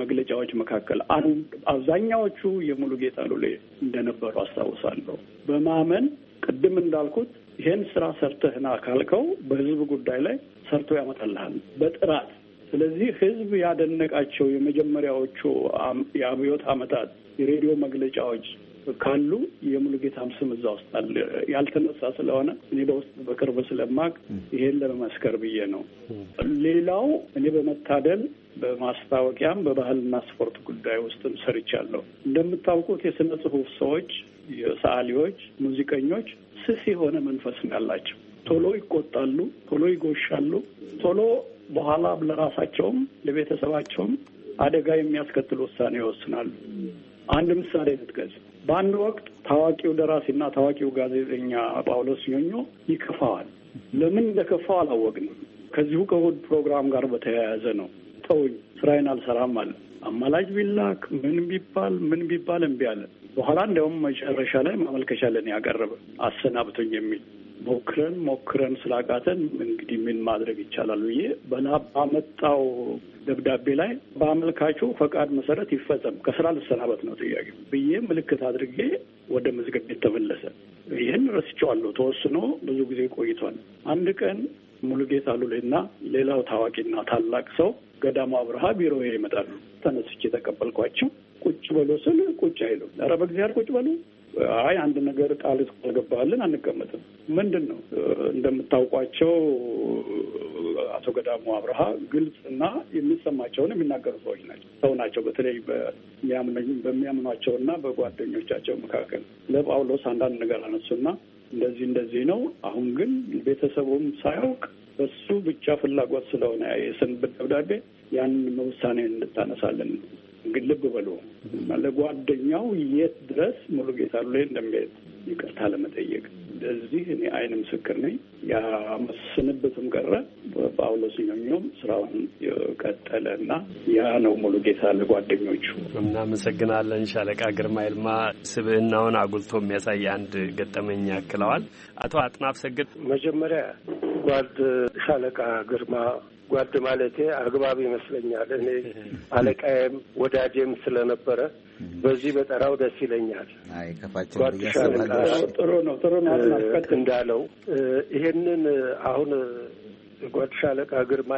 መግለጫዎች መካከል አንድ አብዛኛዎቹ የሙሉ ጌታ ሉሌ እንደነበሩ አስታውሳለሁ። በማመን ቅድም እንዳልኩት ይሄን ስራ ሰርተህና ካልከው በህዝብ ጉዳይ ላይ ሰርቶ ያመጣልሃል በጥራት ስለዚህ ህዝብ ያደነቃቸው የመጀመሪያዎቹ የአብዮት አመታት የሬዲዮ መግለጫዎች ካሉ የሙሉጌታም ስም እዛ ውስጥ አለ። ያልተነሳ ስለሆነ እኔ በውስጥ በቅርብ ስለማቅ ይሄን ለመመስከር ብዬ ነው። ሌላው እኔ በመታደል በማስታወቂያም በባህልና ስፖርት ጉዳይ ውስጥም ሰርቻለሁ። እንደምታውቁት የስነ ጽሁፍ ሰዎች፣ የሰዓሊዎች፣ ሙዚቀኞች ስስ የሆነ መንፈስ ነው ያላቸው። ቶሎ ይቆጣሉ፣ ቶሎ ይጎሻሉ፣ ቶሎ በኋላ ለራሳቸውም ለቤተሰባቸውም አደጋ የሚያስከትል ውሳኔ ይወስናሉ። አንድ ምሳሌ ልጥቀስ። በአንድ ወቅት ታዋቂው ደራሲና ታዋቂው ጋዜጠኛ ጳውሎስ ኞኞ ይከፋዋል። ለምን እንደከፋው አላወቅንም። ከዚሁ ከእሑድ ፕሮግራም ጋር በተያያዘ ነው። ተውኝ ስራዬን አልሰራም አለ። አማላጅ ቢላክ ምን ቢባል ምን ቢባል እምቢ አለ። በኋላ እንዲያውም መጨረሻ ላይ ማመልከቻ ያቀረበ አሰናብቶኝ የሚል ሞክረን ሞክረን ስላቃተን እንግዲህ ምን ማድረግ ይቻላል ብዬ በና ባመጣው ደብዳቤ ላይ በአመልካቹ ፈቃድ መሰረት ይፈጸም ከስራ ልሰናበት ነው ጥያቄ ብዬ ምልክት አድርጌ ወደ መዝገብ ቤት ተመለሰ። ይህን ረስቸዋለሁ። ተወስኖ ብዙ ጊዜ ቆይቷል። አንድ ቀን ሙሉጌታ ሉሌና ሌላው ታዋቂና ታላቅ ሰው ገዳሙ አብርሃ ቢሮ ይመጣሉ። ተነስቼ ተቀበልኳቸው። ቁጭ በሉ ስል ቁጭ አይሉ። ኧረ በእግዚአብሔር ቁጭ በሉ አይ አንድ ነገር ቃል ካልገባህልን አንቀመጥም። ምንድን ነው እንደምታውቋቸው አቶ ገዳሙ አብርሃ ግልጽ እና የሚሰማቸውን የሚናገሩ ሰዎች ናቸው ሰው ናቸው። በተለይ በሚያምኗቸውና በጓደኞቻቸው መካከል ለጳውሎስ አንዳንድ ነገር አነሱና እንደዚህ እንደዚህ ነው። አሁን ግን ቤተሰቡም ሳያውቅ በሱ ብቻ ፍላጎት ስለሆነ የስንብት ደብዳቤ ያንን ውሳኔ እንድታነሳለን እንግዲህ ልብ በሉ ለጓደኛው የት ድረስ ሙሉ ጌታ ሉ እንደሚሄድ ይቅርታ ለመጠየቅ እንደዚህ እኔ አይን ምስክር ነኝ። ያመስንበትም ቀረ ጳውሎስ ኞኞም ስራውን ቀጠለ እና ያ ነው ሙሉ ጌታ ለጓደኞቹ። እናመሰግናለን። ሻለቃ ግርማ ይልማ ስብዕናውን አጉልቶ የሚያሳይ አንድ ገጠመኝ ያክለዋል። አቶ አጥናፍ ሰግድ መጀመሪያ ጓድ ሻለቃ ግርማ ጓድ ማለቴ አግባብ ይመስለኛል። እኔ አለቃዬም ወዳጄም ስለነበረ በዚህ በጠራው ደስ ይለኛል። ጓድ ሻለቃ ጥሩ ነው፣ ጥሩ ነው እንዳለው ይሄንን አሁን ጓድ ሻለቃ ግርማ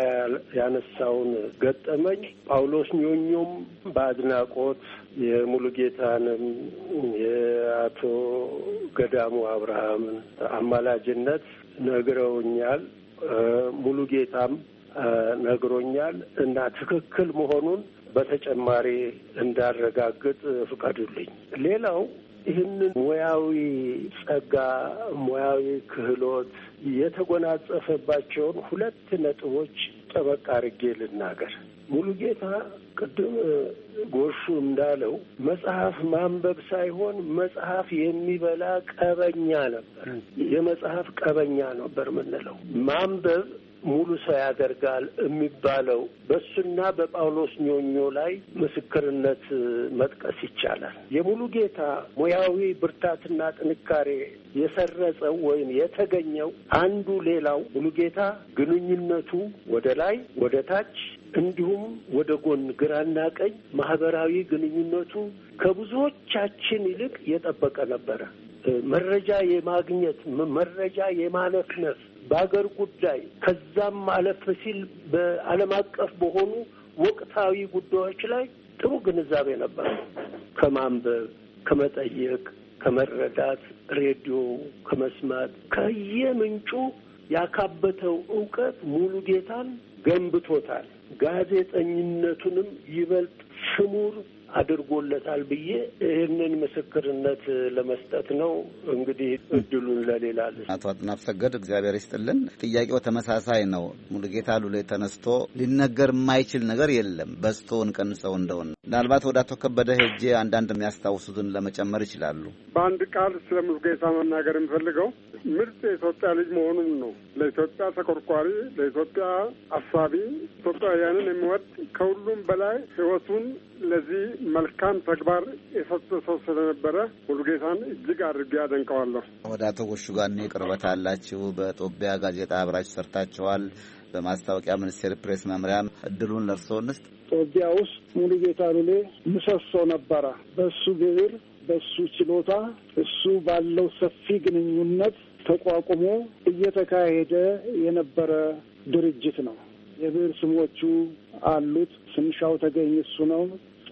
ያነሳውን ገጠመኝ ጳውሎስ ኞኞም በአድናቆት ጌታንም የአቶ ገዳሙ አብርሃምን አማላጅነት ነግረውኛል። ሙሉ ጌታም ነግሮኛል እና ትክክል መሆኑን በተጨማሪ እንዳረጋግጥ ፍቀዱልኝ። ሌላው ይህንን ሙያዊ ጸጋ፣ ሙያዊ ክህሎት የተጎናጸፈባቸውን ሁለት ነጥቦች ጠበቅ አድርጌ ልናገር። ሙሉ ጌታ ቅድም ጎሹ እንዳለው መጽሐፍ ማንበብ ሳይሆን መጽሐፍ የሚበላ ቀበኛ ነበር። የመጽሐፍ ቀበኛ ነበር የምንለው ማንበብ ሙሉ ሰው ያደርጋል የሚባለው በሱና በጳውሎስ ኞኞ ላይ ምስክርነት መጥቀስ ይቻላል። የሙሉ ጌታ ሙያዊ ብርታትና ጥንካሬ የሰረጸው ወይም የተገኘው አንዱ ሌላው ሙሉ ጌታ ግንኙነቱ ወደ ላይ ወደ ታች እንዲሁም ወደ ጎን ግራና ቀኝ ማህበራዊ ግንኙነቱ ከብዙዎቻችን ይልቅ የጠበቀ ነበረ። መረጃ የማግኘት መረጃ የማነፍነፍ በአገር ጉዳይ ከዛም አለፍ ሲል በዓለም አቀፍ በሆኑ ወቅታዊ ጉዳዮች ላይ ጥሩ ግንዛቤ ነበር። ከማንበብ፣ ከመጠየቅ፣ ከመረዳት፣ ሬዲዮ ከመስማት ከየምንጩ ያካበተው እውቀት ሙሉ ጌታን ገንብቶታል። ጋዜጠኝነቱንም ይበልጥ ስሙር አድርጎለታል ብዬ ይህንን ምስክርነት ለመስጠት ነው። እንግዲህ እድሉን ለሌላ አቶ አጥናፍ ሰገድ እግዚአብሔር ይስጥልን። ጥያቄው ተመሳሳይ ነው። ሙሉጌታ ሉሌ ተነስቶ ሊነገር የማይችል ነገር የለም በዝቶውን ቀንሰው እንደሆነ ምናልባት ወደ አቶ ከበደ ሄጄ አንዳንድ የሚያስታውሱትን ለመጨመር ይችላሉ። በአንድ ቃል ስለ ሙሉጌታ መናገር የምፈልገው ምርጥ የኢትዮጵያ ልጅ መሆኑን ነው። ለኢትዮጵያ ተቆርቋሪ፣ ለኢትዮጵያ አሳቢ፣ ኢትዮጵያውያንን የሚወድ ከሁሉም በላይ ህይወቱን ለዚህ መልካም ተግባር የሰጠ ሰው ስለነበረ ሙሉጌታን እጅግ አድርጌ አደንቀዋለሁ። ወደ አቶ ጎሹ ጋኔ ቅርበት አላችሁ። በጦቢያ ጋዜጣ አብራችሁ ሰርታችኋል። በማስታወቂያ ሚኒስቴር ፕሬስ መምሪያ እድሉን ለእርስዎ እንስጥ። ጦቢያ ውስጥ ሙሉጌታ ሉሌ ምሰሶ ነበረ። በሱ ግብር፣ በሱ ችሎታ፣ እሱ ባለው ሰፊ ግንኙነት ተቋቁሞ እየተካሄደ የነበረ ድርጅት ነው። የብዕር ስሞቹ አሉት። ስንሻው ተገኝ እሱ ነው።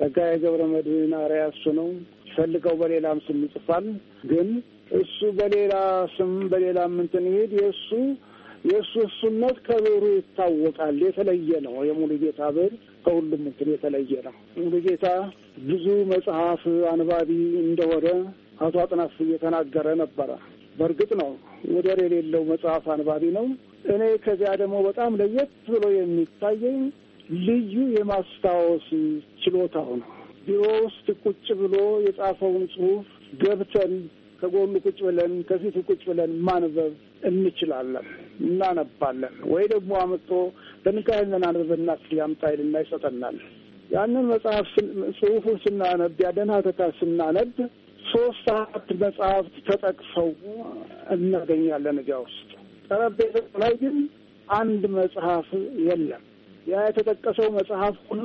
ጸጋዬ ገብረ መድኅን አርአያ እሱ ነው። ፈልገው በሌላም ስም ይጽፋል። ግን እሱ በሌላ ስም በሌላ ምንትን ይሄድ የእሱ የእሱ እሱነት ከብሩ ይታወቃል። የተለየ ነው። የሙሉ ጌታ ብር ከሁሉም ምንትን የተለየ ነው። ሙሉ ጌታ ብዙ መጽሐፍ አንባቢ እንደሆነ አቶ አጥናፍ እየተናገረ ነበረ። በእርግጥ ነው ወደር የሌለው መጽሐፍ አንባቢ ነው። እኔ ከዚያ ደግሞ በጣም ለየት ብሎ የሚታየኝ ልዩ የማስታወስ ችሎታው ነው። ቢሮ ውስጥ ቁጭ ብሎ የጻፈውን ጽሁፍ ገብተን ከጎኑ ቁጭ ብለን ከፊቱ ቁጭ ብለን ማንበብ እንችላለን፣ እናነባለን። ወይ ደግሞ አመጦ በንቃይን እናንብብና ያምጣ ይልና ይሰጠናል። ያንን መጽሐፍ ጽሁፉን ስናነብ ያደና ተካ ስናነብ ሶስት አራት መጽሐፍት ተጠቅሰው እናገኛለን እዚያ ውስጥ። ጠረጴዛ ላይ ግን አንድ መጽሐፍ የለም። ያ የተጠቀሰው መጽሐፍ ሁሉ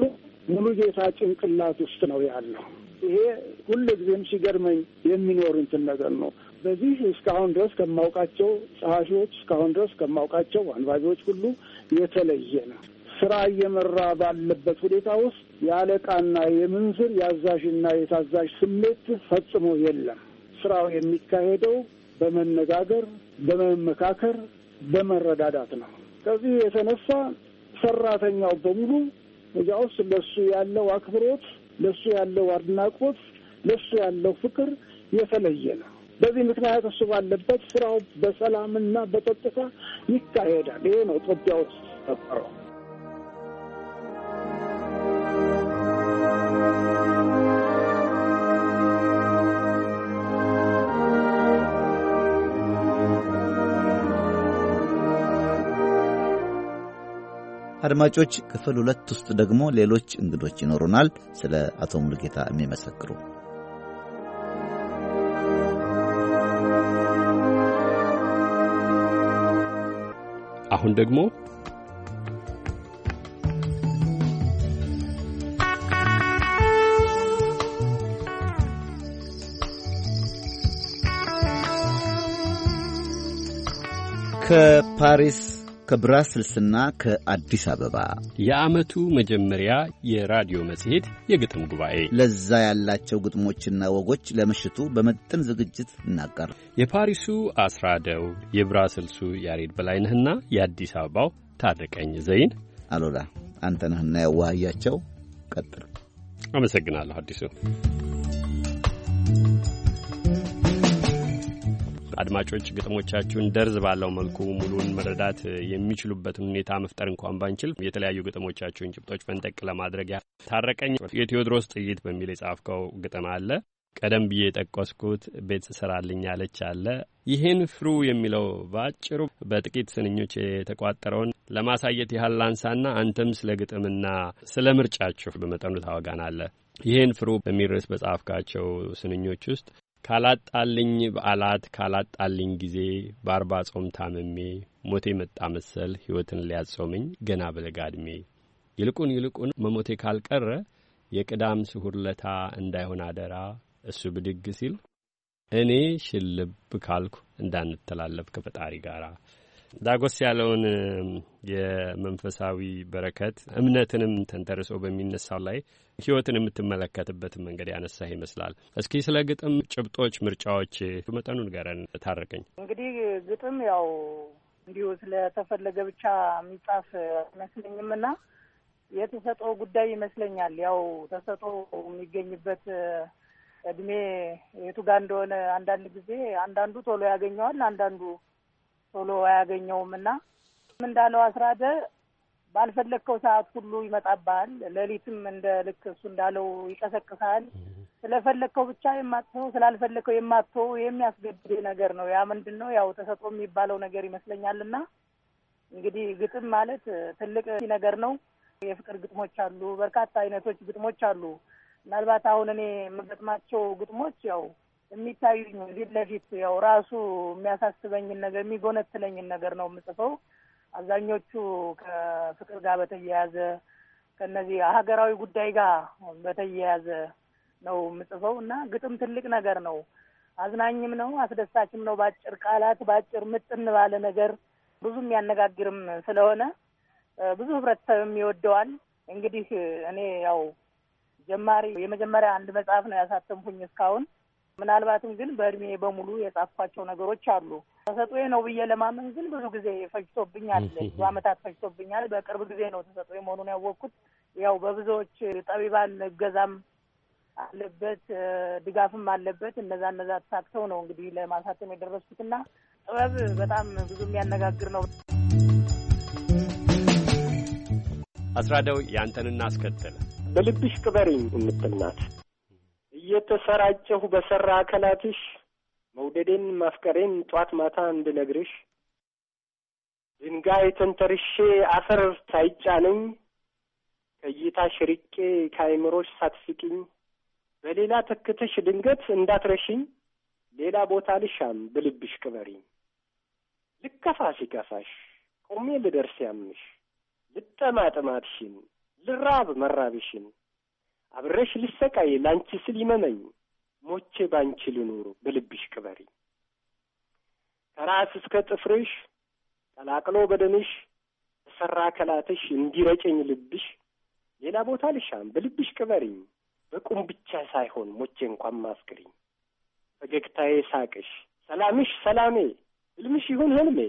ሙሉ ጌታ ጭንቅላት ውስጥ ነው ያለው። ይሄ ሁሉ ጊዜም ሲገርመኝ የሚኖር እንትን ነገር ነው። በዚህ እስካሁን ድረስ ከማውቃቸው ጸሐፊዎች እስካሁን ድረስ ከማውቃቸው አንባቢዎች ሁሉ የተለየ ነው። ስራ እየመራ ባለበት ሁኔታ ውስጥ የአለቃና የምንዝር የአዛዥና የታዛዥ ስሜት ፈጽሞ የለም። ስራው የሚካሄደው በመነጋገር፣ በመመካከር፣ በመረዳዳት ነው። ከዚህ የተነሳ ሰራተኛው በሙሉ እዚያ ውስጥ ለሱ ያለው አክብሮት፣ ለሱ ያለው አድናቆት፣ ለሱ ያለው ፍቅር የተለየ ነው። በዚህ ምክንያት እሱ ባለበት ስራው በሰላምና በጸጥታ ይካሄዳል። ይሄ ነው ኢትዮጵያ ውስጥ ተፈረው አድማጮች፣ ክፍል ሁለት ውስጥ ደግሞ ሌሎች እንግዶች ይኖሩናል ስለ አቶ ሙሉጌታ የሚመሰክሩ አሁን ደግሞ ከፓሪስ ከብራስልስና ከአዲስ አበባ የዓመቱ መጀመሪያ የራዲዮ መጽሔት የግጥም ጉባኤ ለዛ ያላቸው ግጥሞችና ወጎች ለምሽቱ በመጠን ዝግጅት እናቀር። የፓሪሱ አስራደው፣ የብራስልሱ ያሬድ በላይነህና የአዲስ አበባው ታረቀኝ ዘይን አሉላ አንተነህና ያዋህያቸው ቀጥል። አመሰግናለሁ አዲሱ አድማጮች ግጥሞቻችሁን ደርዝ ባለው መልኩ ሙሉን መረዳት የሚችሉበትን ሁኔታ መፍጠር እንኳን ባንችል የተለያዩ ግጥሞቻችሁን ጭብጦች ፈንጠቅ ለማድረግ ታረቀኝ የቴዎድሮስ ጥይት በሚል የጻፍከው ግጥም አለ። ቀደም ብዬ የጠቆስኩት ቤት ስራልኝ ያለች አለ። ይህን ፍሩ የሚለው በአጭሩ በጥቂት ስንኞች የተቋጠረውን ለማሳየት ያህል ላንሳና አንተም ስለ ግጥምና ስለ ምርጫችሁ በመጠኑ ታወጋናለህ። ይህን ፍሩ በሚል ርዕስ በጻፍካቸው ስንኞች ውስጥ ካላጣልኝ በዓላት ካላጣልኝ ጊዜ በአርባ ጾም ታመሜ ሞቴ መጣ መሰል ሕይወትን ሊያጾመኝ ገና በለጋ ዕድሜ ይልቁን ይልቁን መሞቴ ካልቀረ የቅዳም ስዑር ለታ እንዳይሆን አደራ እሱ ብድግ ሲል እኔ ሽልብ ካልኩ እንዳንተላለፍ ከፈጣሪ ጋር ዳጎስ ያለውን የመንፈሳዊ በረከት እምነትንም ተንተርሶ በሚነሳው ላይ ህይወትን የምትመለከትበትን መንገድ ያነሳህ ይመስላል። እስኪ ስለ ግጥም ጭብጦች፣ ምርጫዎች መጠኑን ጋር ታረቀኝ። እንግዲህ ግጥም ያው እንዲሁ ስለተፈለገ ብቻ የሚጻፍ አይመስለኝም እና የተሰጦ ጉዳይ ይመስለኛል። ያው ተሰጦ የሚገኝበት እድሜ የቱ ጋር እንደሆነ አንዳንድ ጊዜ አንዳንዱ ቶሎ ያገኘዋል፣ አንዳንዱ ቶሎ አያገኘውም እና እንዳለው አስራደ ባልፈለግከው ሰዓት ሁሉ ይመጣብሃል። ሌሊትም እንደ ልክ እሱ እንዳለው ይቀሰቅሳል። ስለፈለግከው ብቻ የማትተው ስላልፈለግከው የማትተው የሚያስገድድ ነገር ነው። ያ ምንድን ነው ያው ተሰጦ የሚባለው ነገር ይመስለኛል። እና እንግዲህ ግጥም ማለት ትልቅ ነገር ነው። የፍቅር ግጥሞች አሉ፣ በርካታ አይነቶች ግጥሞች አሉ። ምናልባት አሁን እኔ የምገጥማቸው ግጥሞች ያው የሚታዩኝ ፊት ለፊት ያው ራሱ የሚያሳስበኝን ነገር የሚጎነትለኝን ነገር ነው የምጽፈው። አብዛኞቹ ከፍቅር ጋር በተያያዘ ከነዚህ ሀገራዊ ጉዳይ ጋር በተያያዘ ነው የምጽፈው እና ግጥም ትልቅ ነገር ነው። አዝናኝም ነው፣ አስደሳችም ነው። በአጭር ቃላት በአጭር ምጥን ባለ ነገር ብዙ የሚያነጋግርም ስለሆነ ብዙ ህብረተሰብም ይወደዋል። እንግዲህ እኔ ያው ጀማሪ የመጀመሪያ አንድ መጽሐፍ ነው ያሳተምኩኝ እስካሁን ምናልባትም ግን በእድሜ በሙሉ የጻፍኳቸው ነገሮች አሉ። ተሰጥኦዬ ነው ብዬ ለማመን ግን ብዙ ጊዜ ፈጅቶብኛል፣ ብዙ አመታት ፈጅቶብኛል። በቅርብ ጊዜ ነው ተሰጥኦዬ መሆኑን ያወቅኩት። ያው በብዙዎች ጠቢባን እገዛም አለበት ድጋፍም አለበት። እነዛ እነዛ ተሳክተው ነው እንግዲህ ለማሳተም የደረስኩትና ጥበብ በጣም ብዙ የሚያነጋግር ነው። አስራደው ያንተን እናስከተለ በልብሽ ቅበሪ የምትልናት እየተሰራጨሁ በሰራ አካላትሽ መውደዴን ማፍቀሬን ጧት ማታ እንድነግርሽ ድንጋይ ተንተርሼ አፈር ሳይጫነኝ ከይታ ርቄ ከአይምሮች ሳትስቂኝ በሌላ ተክተሽ ድንገት እንዳትረሽኝ ሌላ ቦታ ልሻም ብልብሽ ቅበሪኝ ልከፋ ሲከፋሽ ቆሜ ልደርስ ያምሽ ልጠማጥማትሽን ልራብ መራብሽን አብረሽ ልሰቃይ ላንቺ ስል ይመመኝ ሞቼ ባንቺ ልኑሩ በልብሽ ቅበሪ ከራስ እስከ ጥፍርሽ ቀላቅሎ በደምሽ ተሰራ ከላትሽ እንዲረጨኝ ልብሽ ሌላ ቦታ ልሻም በልብሽ ቅበሪኝ በቁም ብቻ ሳይሆን ሞቼ እንኳን ማስክሪኝ ፈገግታዬ ሳቅሽ ሰላምሽ ሰላሜ ህልምሽ ይሁን ህልሜ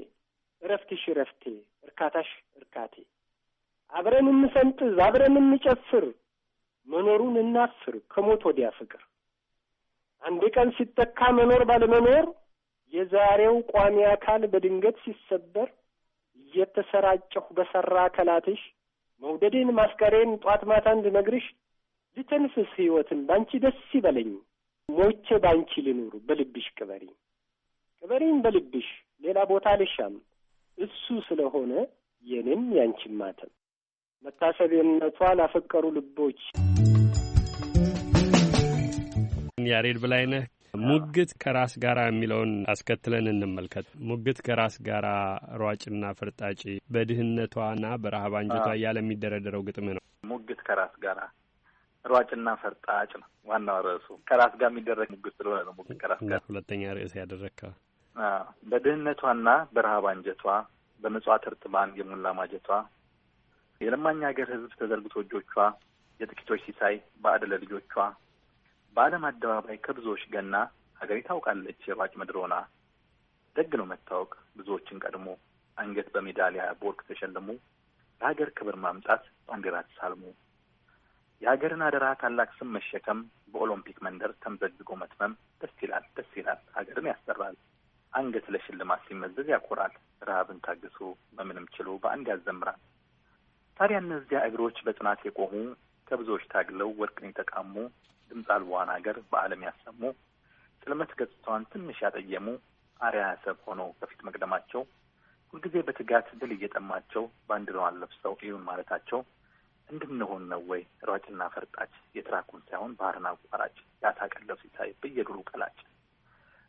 እረፍትሽ እረፍቴ እርካታሽ እርካቴ አብረን እንሰንጥዝ አብረን እንጨፍር መኖሩን እናስብ። ከሞት ወዲያ ፍቅር አንድ ቀን ሲተካ መኖር ባለመኖር የዛሬው ቋሚ አካል በድንገት ሲሰበር እየተሰራጨሁ በሰራ አካላትሽ መውደዴን ማፍቀሬን ጧት ማታ እንድነግርሽ ልተንፍስ ሕይወትን ባንቺ ደስ ይበለኝ ሞቼ ባንቺ ልኑር በልብሽ ቅበሪ ቅበሪን በልብሽ ሌላ ቦታ ልሻም እሱ ስለሆነ የኔም ያንቺም ማተም መታሰቢነቷ ላፈቀሩ ልቦች ያሬድ ብላይነህ ሙግት ከራስ ጋር የሚለውን አስከትለን እንመልከት። ሙግት ከራስ ጋር ሯጭና ፈርጣጭ በድህነቷና በረሀብ አንጀቷ እያለ የሚደረደረው ግጥም ነው። ሙግት ከራስ ጋር ሯጭና ፈርጣጭ ነው ዋናው ርዕሱ። ከራስ ጋር የሚደረግ ሙግት ስለሆነ ነው። ሙግት ከራስ ጋር ሁለተኛ ርዕስ ያደረግከው። በድህነቷና በረሀብ አንጀቷ በመጽዋት እርጥባን የሙላ ማጀቷ የለማኝ ሀገር ህዝብ ተዘርግቶ እጆቿ የጥቂቶች ሲሳይ ባዕድ ለልጆቿ በዓለም አደባባይ ከብዙዎች ገና ሀገሬ ታውቃለች የሯጭ መድሮና ደግ ነው መታወቅ ብዙዎችን ቀድሞ አንገት በሜዳሊያ በወርቅ ተሸልሞ ለሀገር ክብር ማምጣት ባንዲራ ተሳልሞ የሀገርን አደራ ታላቅ ስም መሸከም በኦሎምፒክ መንደር ተምዘግዝጎ መትመም ደስ ይላል ደስ ይላል ሀገርን ያሰራል አንገት ለሽልማት ሲመዘዝ ያኮራል ረሀብን ታግሶ በምንም ችሎ በአንድ ያዘምራል ታዲያ እነዚያ እግሮች በጽናት የቆሙ ከብዙዎች ታግለው ወርቅን የተቃሙ ድምፅ አልባዋን ሀገር በዓለም ያሰሙ ጽልመት ገጽታዋን ትንሽ ያጠየሙ አርያ ሰብ ሆነው ከፊት መቅደማቸው ሁልጊዜ በትጋት ድል እየጠማቸው ባንዲራዋን ለብሰው እዩን ማለታቸው እንድንሆን ነው ወይ ሯጭና ፈርጣች የትራኩን ሳይሆን ባህርን አቋራጭ ያታቀለው ሲታይ በየዱሩ ቀላጭ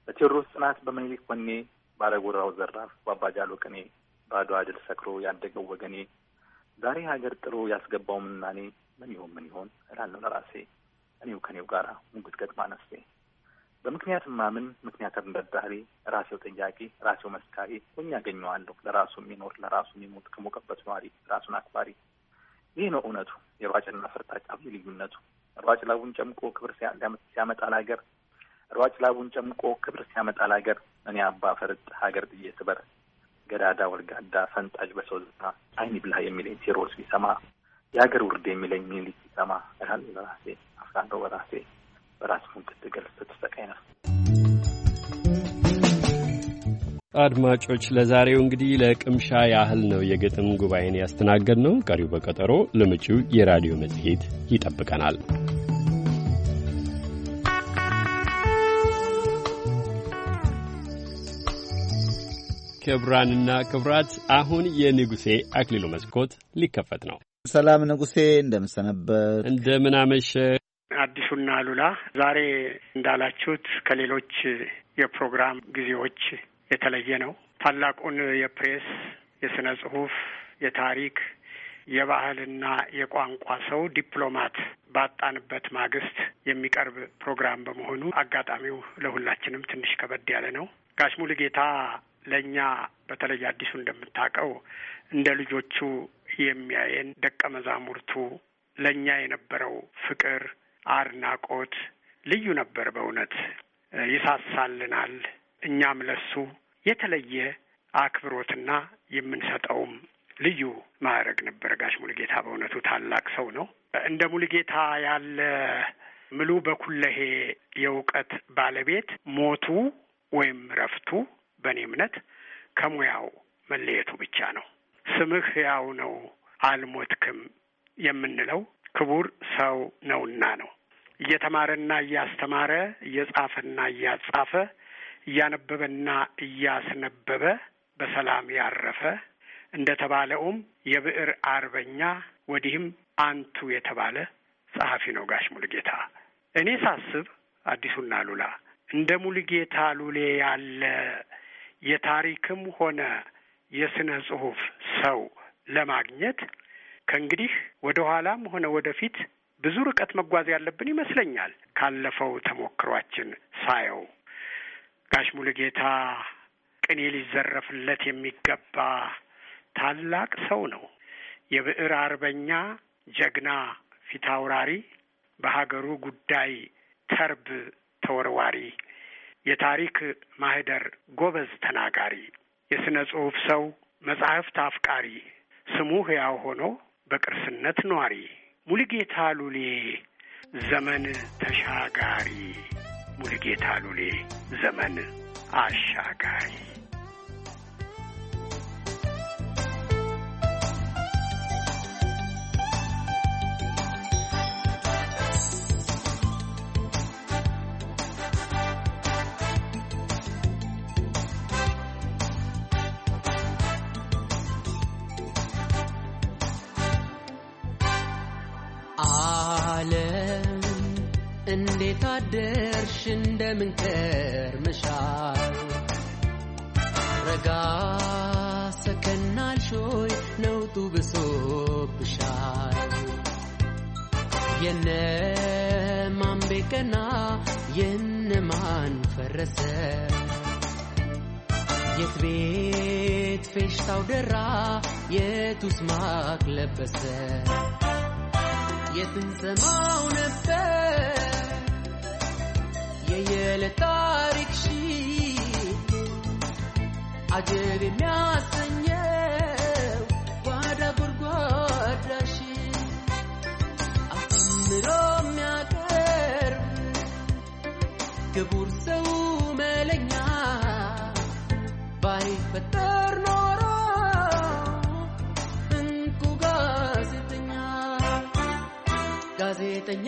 በቴዎድሮስ ጽናት በምኒልክ ወኔ ባለጎራው ዘራፍ በአባጃሎ ቅኔ ባዶ ድል ሰክሮ ያደገው ወገኔ ዛሬ ሀገር ጥሩ ያስገባው ምናኔ ምን ይሆን ምን ይሆን እላለሁ ለራሴ እኔው ከኔው ጋር ሙግት ገጥማ ነፍሴ። በምክንያት ማምን ምክንያት እንደዳሪ ራሴው ጠያቂ ራሴው መስካሪ ሆኜ ያገኘዋለሁ። ለራሱ የሚኖር ለራሱ የሚሞት ከሞቀበት ነዋሪ ራሱን አክባሪ። ይህ ነው እውነቱ የሯጭና ፈርጣጭ አብይ ልዩነቱ። ሯጭ ላቡን ጨምቆ ክብር ሲያመጣ ለሀገር ሯጭ ላቡን ጨምቆ ክብር ሲያመጣ ለሀገር እኔ አባ ፈርጥ ሀገር ጥዬ ስበር ገዳዳ ወርጋዳ ፈንጣጅ በሰው ዝና አይን ብላ የሚለኝ ቴሮስ ቢሰማ የሀገር ውርድ የሚለኝ ሚኒሊክ ቢሰማ እላለሁ በራሴ አፍራለሁ በራሴ በራስ ምንትትገል ስትሰቃይ ነው። አድማጮች ለዛሬው እንግዲህ ለቅምሻ ያህል ነው የግጥም ጉባኤን ያስተናገድ ነው። ቀሪው በቀጠሮ ለመጪው የራዲዮ መጽሔት ይጠብቀናል። ክብራንና ክብራት አሁን የንጉሴ አክሊሉ መስኮት ሊከፈት ነው። ሰላም ንጉሴ፣ እንደምሰነበት እንደምናመሸ አዲሱና አሉላ ዛሬ እንዳላችሁት ከሌሎች የፕሮግራም ጊዜዎች የተለየ ነው። ታላቁን የፕሬስ የሥነ ጽሑፍ፣ የታሪክ፣ የባህልና የቋንቋ ሰው ዲፕሎማት ባጣንበት ማግስት የሚቀርብ ፕሮግራም በመሆኑ አጋጣሚው ለሁላችንም ትንሽ ከበድ ያለ ነው። ጋሽ ሙሉጌታ ለእኛ በተለይ አዲሱ እንደምታውቀው እንደ ልጆቹ የሚያየን ደቀ መዛሙርቱ ለእኛ የነበረው ፍቅር፣ አድናቆት ልዩ ነበር። በእውነት ይሳሳልናል። እኛም ለሱ የተለየ አክብሮትና የምንሰጠውም ልዩ ማዕረግ ነበር። ጋሽ ሙሉጌታ በእውነቱ ታላቅ ሰው ነው። እንደ ሙሉጌታ ያለ ምሉ በኩለሄ የእውቀት ባለቤት ሞቱ ወይም ረፍቱ በእኔ እምነት ከሙያው መለየቱ ብቻ ነው። ስምህ ሕያው ነው አልሞትክም የምንለው ክቡር ሰው ነውና ነው። እየተማረና እያስተማረ እየጻፈና እያጻፈ እያነበበና እያስነበበ በሰላም ያረፈ እንደ ተባለውም የብዕር አርበኛ ወዲህም አንቱ የተባለ ጸሐፊ ነው ጋሽ ሙሉጌታ። እኔ ሳስብ አዲሱና ሉላ እንደ ሙሉጌታ ሉሌ ያለ የታሪክም ሆነ የስነ ጽሁፍ ሰው ለማግኘት ከእንግዲህ ወደ ኋላም ሆነ ወደፊት ብዙ ርቀት መጓዝ ያለብን ይመስለኛል። ካለፈው ተሞክሯችን ሳየው ጋሽ ሙሉጌታ ቅኔ ሊዘረፍለት የሚገባ ታላቅ ሰው ነው። የብዕር አርበኛ፣ ጀግና፣ ፊታውራሪ፣ በሀገሩ ጉዳይ ተርብ ተወርዋሪ የታሪክ ማህደር ጎበዝ ተናጋሪ፣ የሥነ ጽሑፍ ሰው፣ መጻሕፍት አፍቃሪ፣ ስሙ ሕያው ሆኖ በቅርስነት ኗሪ ሙሉጌታ ሉሌ ዘመን ተሻጋሪ ሙሉጌታ ሉሌ ዘመን አሻጋሪ እንዴት አደርሽ እንደምን ከርመሻል ረጋ ሰከናል ነውጡ ብሶብሻል የነማን የነ የነማን ፈረሰ የት ቤት ፌሽታው ደራ የቱስ ማቅ ለበሰ ሰማው ነበር Neye ለታሪክ ሺ አጀብ የሚያሰኘው ጓዳ ጎድጓዳ ሺ አምሮ የሚያቀርብ ክቡር ሰው መለኛ ባይፈጠር ኖሮ እንኩ ጋዜጠኛ ጋዜጠኛ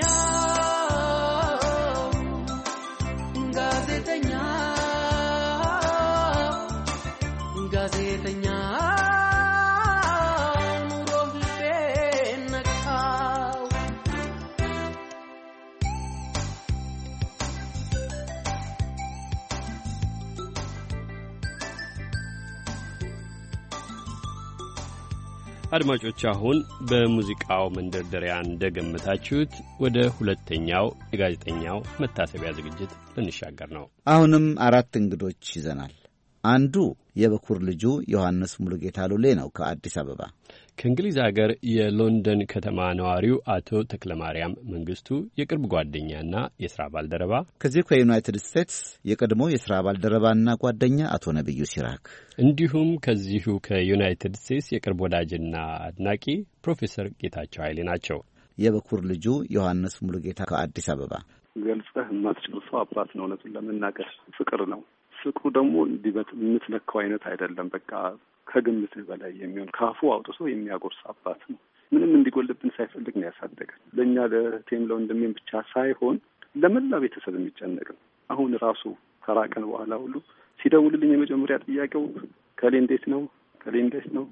አድማጮች አሁን በሙዚቃው መንደርደሪያ እንደገመታችሁት ወደ ሁለተኛው የጋዜጠኛው መታሰቢያ ዝግጅት ልንሻገር ነው። አሁንም አራት እንግዶች ይዘናል። አንዱ የበኩር ልጁ ዮሐንስ ሙሉጌታ ሉሌ ነው ከአዲስ አበባ። ከእንግሊዝ አገር የሎንደን ከተማ ነዋሪው አቶ ተክለማርያም መንግስቱ የቅርብ ጓደኛና የስራ ባልደረባ ከዚህ ከዩናይትድ ስቴትስ የቀድሞ የስራ ባልደረባና ጓደኛ አቶ ነቢዩ ሲራክ እንዲሁም ከዚሁ ከዩናይትድ ስቴትስ የቅርብ ወዳጅና አድናቂ ፕሮፌሰር ጌታቸው ኃይሌ ናቸው። የበኩር ልጁ ዮሐንስ ሙሉጌታ ከአዲስ አበባ ገልጸህ የማትችል አባት ነው። እውነቱን ለመናገር ፍቅር ነው። ፍቅሩ ደግሞ እንዲህ የምትለካው አይነት አይደለም። በቃ ከግምትህ በላይ የሚሆን ካፉ አውጥቶ የሚያጎርስ አባት ነው። ምንም እንዲጎልብን ሳይፈልግ ነው ያሳደገን። ለእኛ ለቴም ለወንድሜን ብቻ ሳይሆን ለመላ ቤተሰብ የሚጨነቅ ነው። አሁን ራሱ ከራቀን በኋላ ሁሉ ሲደውልልኝ የመጀመሪያ ጥያቄው ከሌ እንዴት ነው ከሌ እንዴት ነው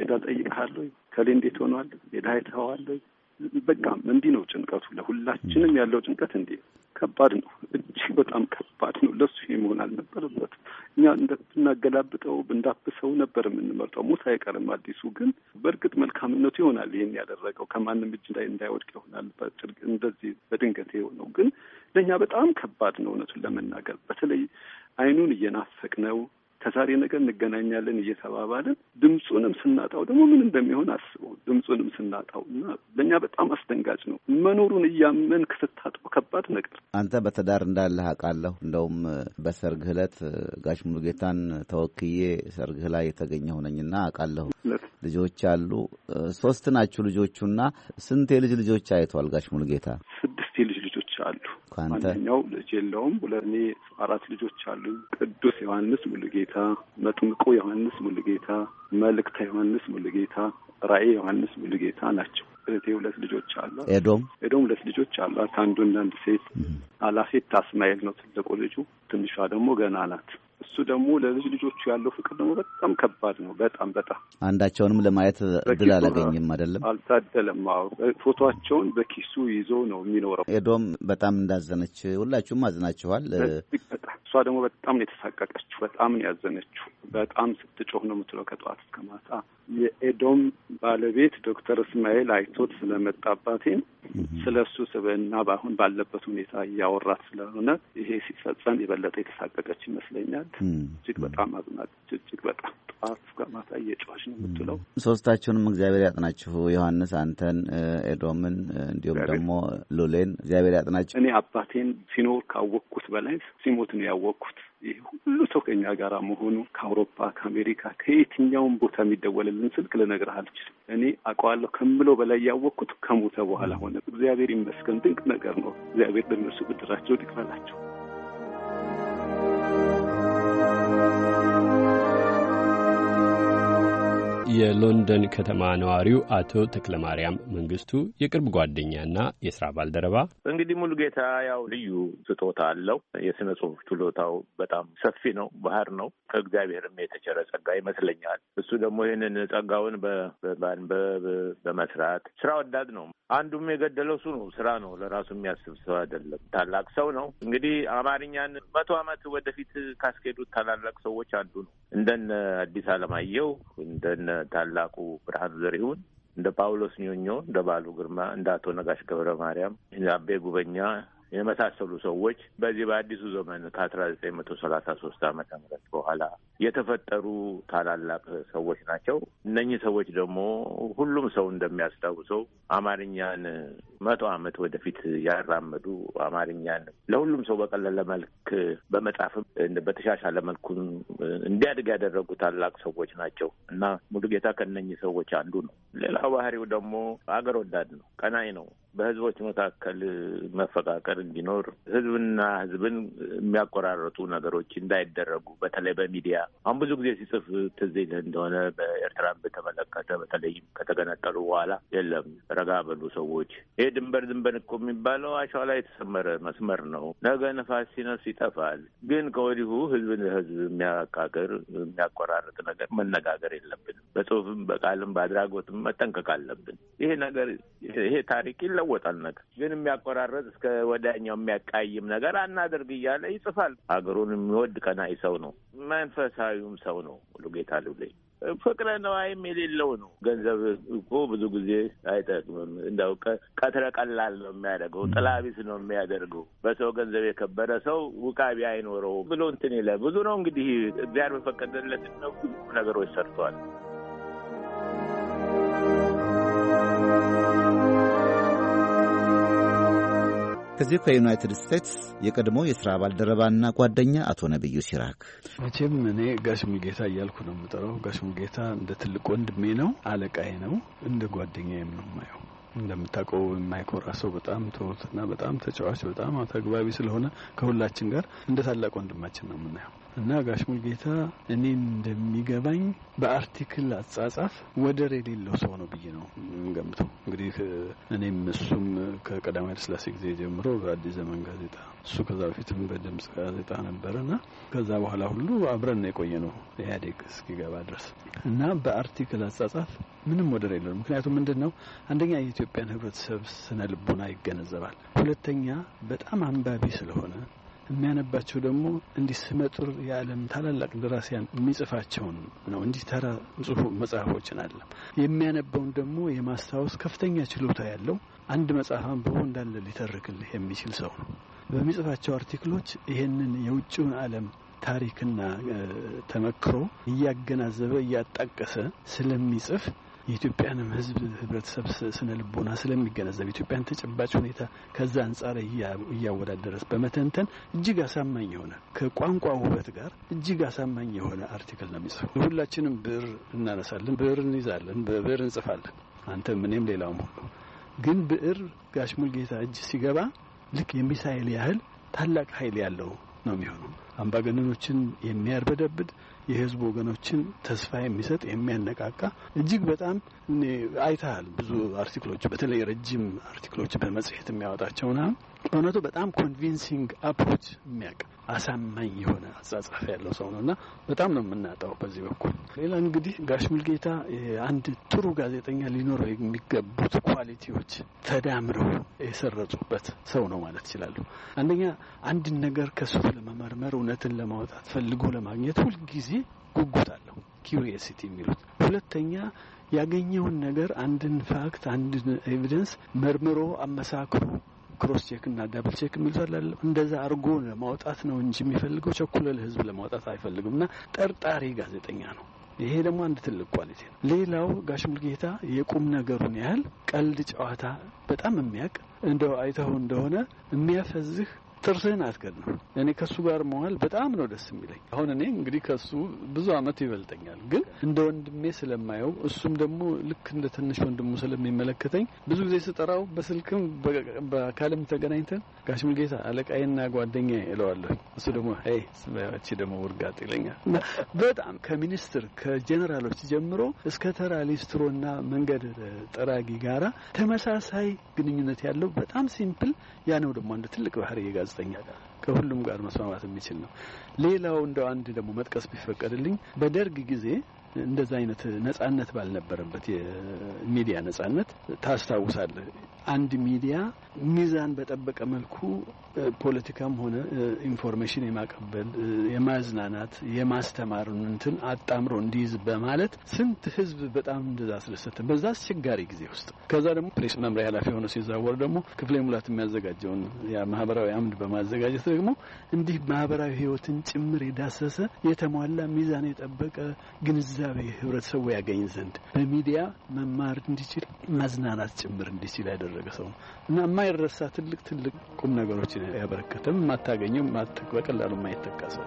ሄዳ ጠይቀሃል ከሌ እንዴት ሆኗል ሄዳ አይተኸዋል በቃ እንዲህ ነው ጭንቀቱ። ለሁላችንም ያለው ጭንቀት እንዲህ ከባድ ነው፣ እጅግ በጣም ከባድ ነው። ለሱ ይሄ መሆን አልነበረበትም። እኛ እንደምናገላብጠው እንዳብሰው ነበር የምንመርጠው። ሞት አይቀርም አዲሱ ግን በእርግጥ መልካምነቱ ይሆናል ይህን ያደረገው ከማንም እጅ እንዳይወድቅ ይሆናል እንደዚህ በድንገት የሆነው ግን ለእኛ በጣም ከባድ ነው እውነቱን ለመናገር በተለይ አይኑን እየናፈቅ ነው ከዛሬ ነገር እንገናኛለን እየተባባልን ድምፁንም ስናጣው ደግሞ ምን እንደሚሆን አስበው። ድምፁንም ስናጣው እና ለእኛ በጣም አስደንጋጭ ነው። መኖሩን እያመንክ ስታጣው ከባድ ነገር። አንተ በትዳር እንዳለህ አውቃለሁ። እንደውም በሰርግህ ዕለት ጋሽ ሙሉጌታን ተወክዬ ሰርግህ ላይ የተገኘሁ ነኝና አውቃለሁ። ልጆች አሉ። ሶስት ናችሁ ልጆቹና ስንት የልጅ ልጆች አይተዋል ጋሽ ሙሉጌታ? ስድስት አንደኛው ልጅ የለውም። ሁለኔ አራት ልጆች አሉ። ቅዱስ ዮሐንስ ሙሉጌታ፣ መጥምቁ ዮሐንስ ሙሉጌታ፣ መልእክተ ዮሐንስ ሙሉጌታ፣ ራእይ ዮሐንስ ሙሉጌታ ናቸው። እህቴ ሁለት ልጆች አሏት። ኤዶም ኤዶም ሁለት ልጆች አሏት። አንዱ እንዳንድ ሴት አላፌት ታስማኤል ነው ትልቁ ልጁ። ትንሿ ደግሞ ገና ናት። እሱ ደግሞ ለልጅ ልጆቹ ያለው ፍቅር ደግሞ በጣም ከባድ ነው። በጣም በጣም አንዳቸውንም ለማየት እድል አላገኝም። አይደለም አልታደለም። ፎቶቸውን በኪሱ ይዞ ነው የሚኖረው። ኤዶም በጣም እንዳዘነች ሁላችሁም አዝናችኋል። እሷ ደግሞ በጣም ነው የተሳቀቀችው። በጣም ነው ያዘነችው። በጣም ስትጮህ ነው የምትለው ከጠዋት እስከ ማታ። የኤዶም ባለቤት ዶክተር እስማኤል አይቶት ስለመጣ አባቴም ስለ እሱ ስብዕና በአሁን ባለበት ሁኔታ እያወራት ስለሆነ ይሄ ሲፈጸም የበለጠ የተሳቀቀች ይመስለኛል። ናት። እጅግ በጣም አዝናለች። እጅግ በጣም ጠዋት እስከ ማታ እየጮኸች ነው የምትለው። ሶስታችሁንም እግዚአብሔር ያጥናችሁ። ዮሐንስ አንተን፣ ኤዶምን እንዲሁም ደግሞ ሉሌን እግዚአብሔር ያጥናችሁ። እኔ አባቴን ሲኖር ካወቅኩት በላይ ሲሞት ነው ያወቅኩት። ይህ ሁሉ ሰው ከኛ ጋር መሆኑ ከአውሮፓ ከአሜሪካ ከየትኛውም ቦታ የሚደወልልን ስልክ ልነግርህ አልችልም። እኔ አውቀዋለሁ ከምሎ በላይ ያወቅኩት ከሞተ በኋላ ሆነ። እግዚአብሔር ይመስገን ድንቅ ነገር ነው። እግዚአብሔር ለእነሱ ብድራቸው ይክፈላቸው። የሎንደን ከተማ ነዋሪው አቶ ተክለማርያም መንግስቱ የቅርብ ጓደኛና የስራ ባልደረባ። እንግዲህ ሙሉጌታ ያው ልዩ ስጦታ አለው። የስነ ጽሁፍ ችሎታው በጣም ሰፊ ነው፣ ባህር ነው። ከእግዚአብሔርም የተቸረ ጸጋ ይመስለኛል። እሱ ደግሞ ይህንን ጸጋውን በማንበብ በመስራት ስራ ወዳድ ነው። አንዱም የገደለው እሱ ነው። ስራ ነው። ለራሱ የሚያስብ ሰው አይደለም። ታላቅ ሰው ነው። እንግዲህ አማርኛን መቶ ዓመት ወደፊት ካስኬዱት ታላላቅ ሰዎች አንዱ ነው። እንደነ አዲስ አለማየሁ እንደነ ታላቁ ብርሃኑ ዘሪሁን እንደ ጳውሎስ ኞኞ፣ እንደ ባሉ ግርማ፣ እንደ አቶ ነጋሽ ገብረ ማርያም፣ አቤ ጉበኛ የመሳሰሉ ሰዎች በዚህ በአዲሱ ዘመን ከአስራ ዘጠኝ መቶ ሰላሳ ሶስት ዓመተ ምህረት በኋላ የተፈጠሩ ታላላቅ ሰዎች ናቸው። እነኚህ ሰዎች ደግሞ ሁሉም ሰው እንደሚያስታውሰው አማርኛን መቶ ዓመት ወደፊት ያራመዱ አማርኛን ለሁሉም ሰው በቀለለ መልክ በመጻፍም በተሻሻለ መልኩ እንዲያድግ ያደረጉ ታላቅ ሰዎች ናቸው እና ሙሉጌታ ከነኚህ ሰዎች አንዱ ነው። ሌላው ባህሪው ደግሞ አገር ወዳድ ነው፣ ቀናይ ነው። በህዝቦች መካከል መፈቃቀር እንዲኖር ህዝብና ህዝብን የሚያቆራረጡ ነገሮች እንዳይደረጉ በተለይ በሚዲያ አሁን ብዙ ጊዜ ሲጽፍ ትዝ ይልህ እንደሆነ በኤርትራን በተመለከተ በተለይም ከተገነጠሉ በኋላ የለም ረጋ በሉ ሰዎች፣ ይሄ ድንበር ድንበር እኮ የሚባለው አሸዋ ላይ የተሰመረ መስመር ነው። ነገ ነፋስ ሲነፍስ ይጠፋል። ግን ከወዲሁ ህዝብን ለህዝብ የሚያቃቅር የሚያቆራረጥ ነገር መነጋገር የለብንም። በጽሁፍም በቃልም በአድራጎትም መጠንቀቅ አለብን። ይሄ ነገር ይሄ ታሪክ ይለወጣል ነገር ግን የሚያቆራረጥ እስከ ወዳኛው የሚያቃይም ነገር አናደርግ እያለ ይጽፋል። ሀገሩን የሚወድ ቀናይ ሰው ነው። መንፈሳዊም ሰው ነው። ሙሉጌታ ልብለኝ ፍቅረ ነዋይም የሌለው ነው። ገንዘብ እኮ ብዙ ጊዜ አይጠቅምም። እንደው ቀትረ ቀላል ነው የሚያደርገው፣ ጥላቢስ ነው የሚያደርገው። በሰው ገንዘብ የከበረ ሰው ውቃቢ አይኖረው ብሎ እንትን ይለ ብዙ ነው እንግዲህ እግዚአብሔር በፈቀደለት ነው ነገሮች ሰርተዋል። ከዚህ ከዩናይትድ ስቴትስ የቀድሞ የሥራ ባልደረባና ጓደኛ አቶ ነቢዩ ሲራክ። መቼም እኔ ጋሽሙ ጌታ እያልኩ ነው የምጠራው። ጋሽሙ ጌታ እንደ ትልቅ ወንድሜ ነው፣ አለቃዬ ነው፣ እንደ ጓደኛዬም ነው እንደምታውቀው የማይኮራ ሰው በጣም ትሁትና በጣም ተጫዋች፣ በጣም ተግባቢ ስለሆነ ከሁላችን ጋር እንደ ታላቅ ወንድማችን ነው የምናየው። እና ጋሽ ሙልጌታ እኔ እንደሚገባኝ በአርቲክል አጻጻፍ ወደር የሌለው ሰው ነው ብዬ ነው ገምተው። እንግዲህ እኔም እሱም ከቀዳማዊ ኃይለ ሥላሴ ጊዜ ጀምሮ በአዲስ ዘመን ጋዜጣ እሱ ከዛ በፊትም በድምጽ ጋዜጣ ነበረ እና ከዛ በኋላ ሁሉ አብረን የቆየ ነው ኢህአዴግ እስኪገባ ድረስ እና በአርቲክል አጻጻፍ ምንም ወደር የለውም። ምክንያቱም ምንድን ነው አንደኛ የኢትዮጵያን ህብረተሰብ ስነ ልቦና ይገነዘባል። ሁለተኛ በጣም አንባቢ ስለሆነ የሚያነባቸው ደግሞ እንዲህ ስመጥር የዓለም ታላላቅ ደራሲያን የሚጽፋቸውን ነው። እንዲህ ተራ ጽሁ መጽሐፎችን አለም የሚያነባውን ደግሞ የማስታወስ ከፍተኛ ችሎታ ያለው አንድ መጽሐፍ አንብቦ እንዳለ ሊተርክልህ የሚችል ሰው ነው። በሚጽፋቸው አርቲክሎች ይህንን የውጭውን ዓለም ታሪክና ተመክሮ እያገናዘበ እያጣቀሰ ስለሚጽፍ የኢትዮጵያንም ህዝብ ህብረተሰብ ስነ ልቦና ስለሚገነዘብ ኢትዮጵያን ተጨባጭ ሁኔታ ከዛ አንጻር እያወዳደረስ በመተንተን እጅግ አሳማኝ የሆነ ከቋንቋ ውበት ጋር እጅግ አሳማኝ የሆነ አርቲክል ነው የሚጽፈው። ሁላችንም ብዕር እናነሳለን፣ ብዕር እንይዛለን፣ ብር እንጽፋለን። አንተ እኔም ሌላውም ሁሉ ግን ብዕር ጋሽ ሙልጌታ እጅ ሲገባ ልክ የሚሳይል ያህል ታላቅ ኃይል ያለው ነው የሚሆነው። አምባገነኖችን የሚያርበደብድ የህዝብ ወገኖችን ተስፋ የሚሰጥ የሚያነቃቃ እጅግ በጣም አይተሃል። ብዙ አርቲክሎች፣ በተለይ ረጅም አርቲክሎች በመጽሔት የሚያወጣቸውና በእውነቱ በጣም ኮንቪንሲንግ አፕሮች የሚያውቅ አሳማኝ የሆነ አጻጻፍ ያለው ሰው ነው እና በጣም ነው የምናጣው በዚህ በኩል። ሌላ እንግዲህ ጋሽ ሙልጌታ አንድ ጥሩ ጋዜጠኛ ሊኖረው የሚገቡት ኳሊቲዎች ተዳምረው የሰረጹበት ሰው ነው ማለት ይችላሉ። አንደኛ አንድን ነገር ከሱ ለመመርመር እውነትን ለማውጣት ፈልጎ ለማግኘት ሁልጊዜ ጉጉት አለው፣ ኪሪየሲቲ የሚሉት ሁለተኛ ያገኘውን ነገር አንድን ፋክት አንድን ኤቪደንስ መርምሮ አመሳክሮ ክሮስ ቼክ እና ዳብል ቼክ የሚሉት እንደዛ አርጎ ለማውጣት ነው እንጂ የሚፈልገው ቸኩለ ለህዝብ ለማውጣት አይፈልግም። እና ጠርጣሪ ጋዜጠኛ ነው። ይሄ ደግሞ አንድ ትልቅ ኳሊቲ ነው። ሌላው ጋሽ ሙልጌታ የቁም ነገሩን ያህል ቀልድ ጨዋታ በጣም የሚያቅ እንደው አይተው እንደሆነ የሚያፈዝህ ጥርስህን አትከድነው። እኔ ከሱ ጋር መዋል በጣም ነው ደስ የሚለኝ። አሁን እኔ እንግዲህ ከሱ ብዙ አመት ይበልጠኛል፣ ግን እንደ ወንድሜ ስለማየው እሱም ደግሞ ልክ እንደ ትንሽ ወንድሙ ስለሚመለከተኝ ብዙ ጊዜ ስጠራው በስልክም በአካልም ተገናኝተን ጋሽ ሙልጌታ አለቃዬና ጓደኛ እለዋለሁ። እሱ ደግሞ ስባያቺ ደግሞ ውርጋጥ ይለኛል። በጣም ከሚኒስትር ከጀኔራሎች ጀምሮ እስከ ተራ ሊስትሮና መንገድ ጠራጊ ጋራ ተመሳሳይ ግንኙነት ያለው በጣም ሲምፕል። ያ ነው ደግሞ አንድ ትልቅ ባህር የጋዝ ከአምስተኛ ጋር ከሁሉም ጋር መስማማት የሚችል ነው። ሌላው እንደው አንድ ደግሞ መጥቀስ ቢፈቀድልኝ በደርግ ጊዜ እንደዛ አይነት ነጻነት ባልነበረበት የሚዲያ ነጻነት ታስታውሳለህ። አንድ ሚዲያ ሚዛን በጠበቀ መልኩ ፖለቲካም ሆነ ኢንፎርሜሽን የማቀበል የማዝናናት፣ የማስተማር እንትን አጣምሮ እንዲይዝ በማለት ስንት ህዝብ በጣም እንደዛ አስደሰተ በዛ አስቸጋሪ ጊዜ ውስጥ። ከዛ ደግሞ ፕሬስ መምሪያ ኃላፊ የሆነ ሲዛወር ደግሞ ክፍሌ ሙላት የሚያዘጋጀውን ማህበራዊ አምድ በማዘጋጀት ደግሞ እንዲህ ማህበራዊ ህይወትን ጭምር የዳሰሰ የተሟላ ሚዛን የጠበቀ ግንዛ ግንዛቤ ህብረተሰቡ ያገኝ ዘንድ በሚዲያ መማር እንዲችል መዝናናት ጭምር እንዲችል ያደረገ ሰው ነው እና የማይረሳ ትልቅ ትልቅ ቁም ነገሮችን ያበረከተም የማታገኘው በቀላሉ የማይተካ ሰው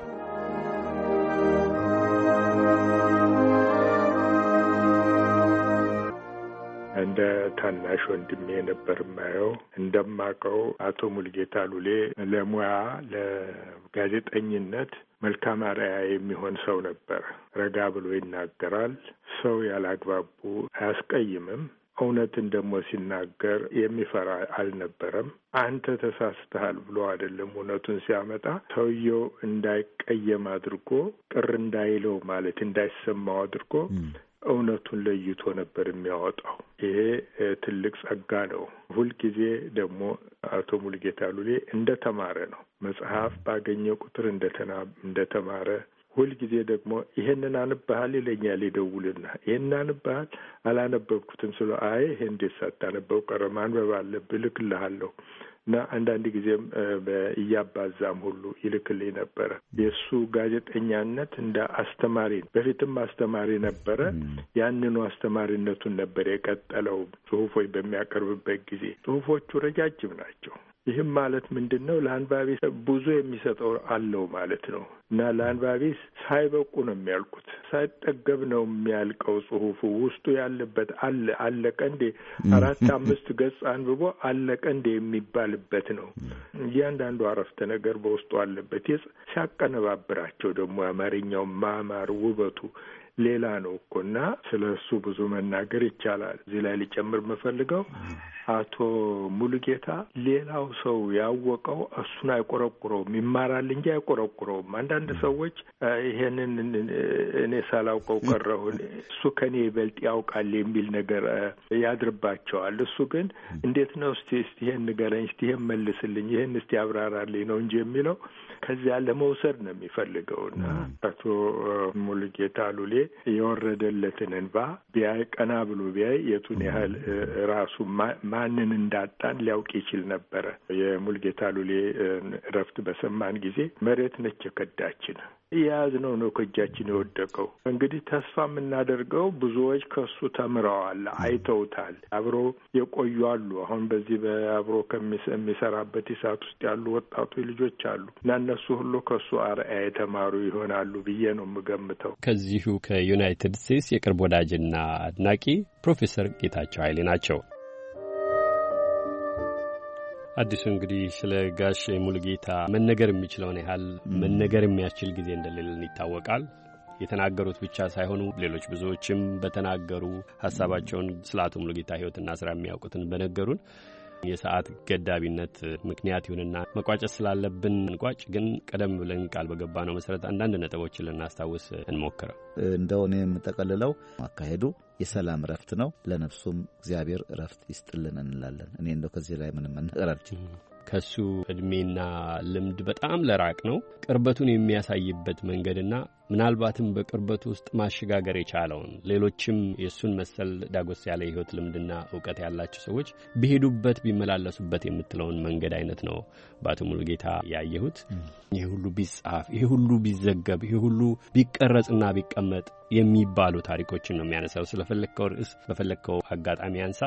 እንደ ታናሽ ወንድሜ ነበር የማየው። እንደማቀው አቶ ሙልጌታ ሉሌ ለሙያ ለጋዜጠኝነት መልካም አርአያ የሚሆን ሰው ነበር። ረጋ ብሎ ይናገራል። ሰው ያላግባቡ አያስቀይምም። እውነትን ደግሞ ሲናገር የሚፈራ አልነበረም። አንተ ተሳስተሃል ብሎ አይደለም እውነቱን ሲያመጣ ሰውየው እንዳይቀየም አድርጎ ቅር እንዳይለው ማለት እንዳይሰማው አድርጎ እውነቱን ለይቶ ነበር የሚያወጣው። ይሄ ትልቅ ጸጋ ነው። ሁልጊዜ ደግሞ አቶ ሙልጌታ ሉሌ እንደተማረ ነው። መጽሐፍ ባገኘ ቁጥር እንደተማረ ሁልጊዜ ደግሞ ይሄንን አንብሃል ይለኛል ይደውልና፣ ይሄንን አንብሃል አላነበብኩትም ስለ አይ ይሄ እንዴት ሳታነበው ቀረ ማንበብ አለብህ እልክልሃለሁ እና አንዳንድ ጊዜም እያባዛም ሁሉ ይልክልኝ ነበረ። የእሱ ጋዜጠኛነት እንደ አስተማሪ በፊትም አስተማሪ ነበረ። ያንኑ አስተማሪነቱን ነበር የቀጠለው። ጽሁፎች በሚያቀርብበት ጊዜ ጽሁፎቹ ረጃጅም ናቸው። ይህም ማለት ምንድን ነው? ለአንባቢ ብዙ የሚሰጠው አለው ማለት ነው እና ለአንባቢ ሳይበቁ ነው የሚያልቁት። ሳይጠገብ ነው የሚያልቀው ጽሁፉ ውስጡ ያለበት አለ አለቀ እንዴ አራት አምስት ገጽ አንብቦ አለቀ እንዴ የሚባልበት ነው። እያንዳንዱ አረፍተ ነገር በውስጡ አለበት። ሲያቀነባብራቸው ደግሞ የአማርኛው ማማር ውበቱ ሌላ ነው እኮ እና ስለ እሱ ብዙ መናገር ይቻላል። እዚህ ላይ ሊጨምር የምፈልገው አቶ ሙሉጌታ ሌላው ሰው ያወቀው እሱን አይቆረቁረውም፣ ይማራል እንጂ አይቆረቁረውም። አንዳንድ ሰዎች ይሄንን እኔ ሳላውቀው ቀረሁ፣ እሱ ከኔ ይበልጥ ያውቃል የሚል ነገር ያድርባቸዋል። እሱ ግን እንዴት ነው እስቲ እስቲ ይሄን ንገረኝ፣ እስቲ ይሄን መልስልኝ፣ ይሄን እስቲ ያብራራልኝ ነው እንጂ የሚለው ከዚያ ለመውሰድ ነው የሚፈልገው እና አቶ ሙሉጌታ ሉሌ የወረደለትን እንባ ቢያይ ቀና ብሎ ቢያይ የቱን ያህል ራሱ ማንን እንዳጣን ሊያውቅ ይችል ነበረ። የሙልጌታ ሉሌ እረፍት በሰማን ጊዜ መሬት ነች የከዳችን የያዝነው ነው ከእጃችን የወደቀው። እንግዲህ ተስፋ የምናደርገው ብዙዎች ከሱ ተምረዋል፣ አይተውታል። አብሮ የቆዩ አሉ። አሁን በዚህ በአብሮ የሚሰራበት እሳት ውስጥ ያሉ ወጣቱ ልጆች አሉ እና እነሱ ሁሉ ከሱ አርአያ የተማሩ ይሆናሉ ብዬ ነው የምገምተው። ከዚሁ ከዩናይትድ ስቴትስ የቅርብ ወዳጅና አድናቂ ፕሮፌሰር ጌታቸው ኃይሌ ናቸው። አዲሱ እንግዲህ ስለ ጋሽ ሙሉጌታ መነገር የሚችለውን ያህል መነገር የሚያስችል ጊዜ እንደሌለን ይታወቃል። የተናገሩት ብቻ ሳይሆኑ ሌሎች ብዙዎችም በተናገሩ ሀሳባቸውን ስለ አቶ ሙሉጌታ ሕይወትና ስራ የሚያውቁትን በነገሩን የሰዓት ገዳቢነት ምክንያት ይሁንና መቋጨት ስላለብን እንቋጭ። ግን ቀደም ብለን ቃል በገባ ነው መሰረት አንዳንድ ነጥቦችን ልናስታውስ እንሞክረው። እንደው እኔ የምጠቀልለው አካሄዱ የሰላም እረፍት ነው። ለነፍሱም እግዚአብሔር እረፍት ይስጥልን እንላለን። እኔ እንደው ከዚህ ላይ ምንም መናገር አልችልም። ከሱ እድሜና ልምድ በጣም ለራቅ ነው ቅርበቱን የሚያሳይበት መንገድና ምናልባትም በቅርበት ውስጥ ማሸጋገር የቻለውን ሌሎችም የእሱን መሰል ዳጎስ ያለ የሕይወት ልምድና እውቀት ያላቸው ሰዎች ቢሄዱበት ቢመላለሱበት የምትለውን መንገድ አይነት ነው በአቶ ሙሉጌታ ያየሁት። ይህ ሁሉ ቢጻፍ፣ ይህ ሁሉ ቢዘገብ፣ ይህ ሁሉ ቢቀረጽና ቢቀመጥ የሚባሉ ታሪኮችን ነው የሚያነሳው። ስለፈለግከው ርዕስ በፈለግከው አጋጣሚ ያንሳ።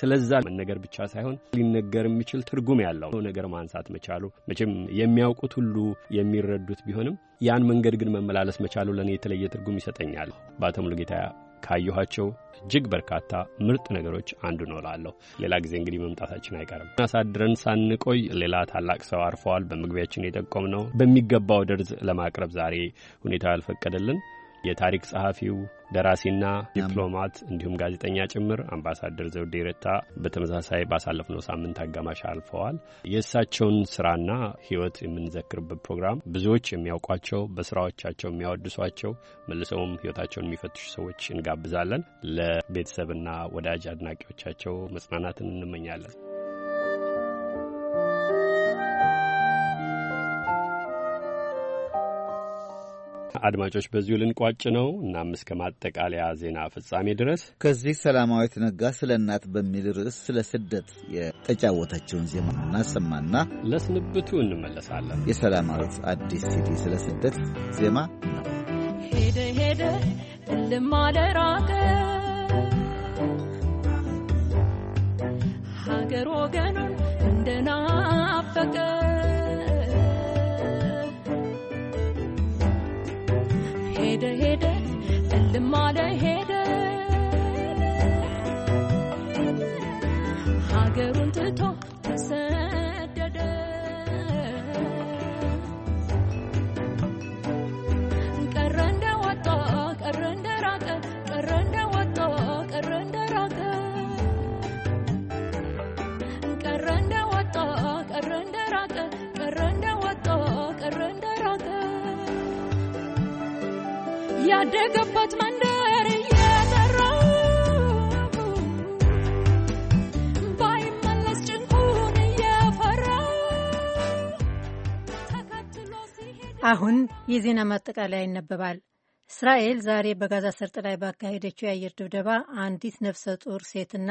ስለዛ መነገር ብቻ ሳይሆን ሊነገር የሚችል ትርጉም ያለው ነገር ማንሳት መቻሉ መቼም የሚያውቁት ሁሉ የሚረዱት ቢሆንም ያን መንገድ ግን መመላለስ መቻሉ ለእኔ የተለየ ትርጉም ይሰጠኛል። በአቶ ሙሉጌታ ካየኋቸው እጅግ በርካታ ምርጥ ነገሮች አንዱ ነው እላለሁ። ሌላ ጊዜ እንግዲህ መምጣታችን አይቀርም። አሳድረን ሳንቆይ ሌላ ታላቅ ሰው አርፈዋል። በመግቢያችን የጠቆም ነው በሚገባው ደርዝ ለማቅረብ ዛሬ ሁኔታው ያልፈቀደልን የታሪክ ጸሐፊው ደራሲና ዲፕሎማት እንዲሁም ጋዜጠኛ ጭምር አምባሳደር ዘውዴ ረታ በተመሳሳይ ባሳለፍነው ሳምንት አጋማሽ አልፈዋል። የእሳቸውን ስራና ሕይወት የምንዘክርበት ፕሮግራም ብዙዎች የሚያውቋቸው በስራዎቻቸው የሚያወድሷቸው መልሰውም ሕይወታቸውን የሚፈትሹ ሰዎች እንጋብዛለን። ለቤተሰብና ወዳጅ አድናቂዎቻቸው መጽናናትን እንመኛለን። አድማጮች በዚሁ ልንቋጭ ነው። እናም እስከ ማጠቃለያ ዜና ፍጻሜ ድረስ ከዚህ ሰላማዊት ነጋ ስለ እናት በሚል ርዕስ ስለ ስደት የተጫወተችውን ዜማ እናሰማና ለስንብቱ እንመለሳለን። የሰላማዊት አዲስ ሲዲ ስለ ስደት ዜማ ነው። ሄደ ሄደ እልም አለ ራቀ ሀገር ወገኑን እንደናፈቀ modern ያደገበት መንደር እየጠራው ባይመለስ ጭንቁን እየፈራው ተከትሎ ሲሄድ አሁን የዜና ማጠቃለያ ይነበባል። እስራኤል ዛሬ በጋዛ ሰርጥ ላይ ባካሄደችው የአየር ድብደባ አንዲት ነፍሰ ጡር ሴትና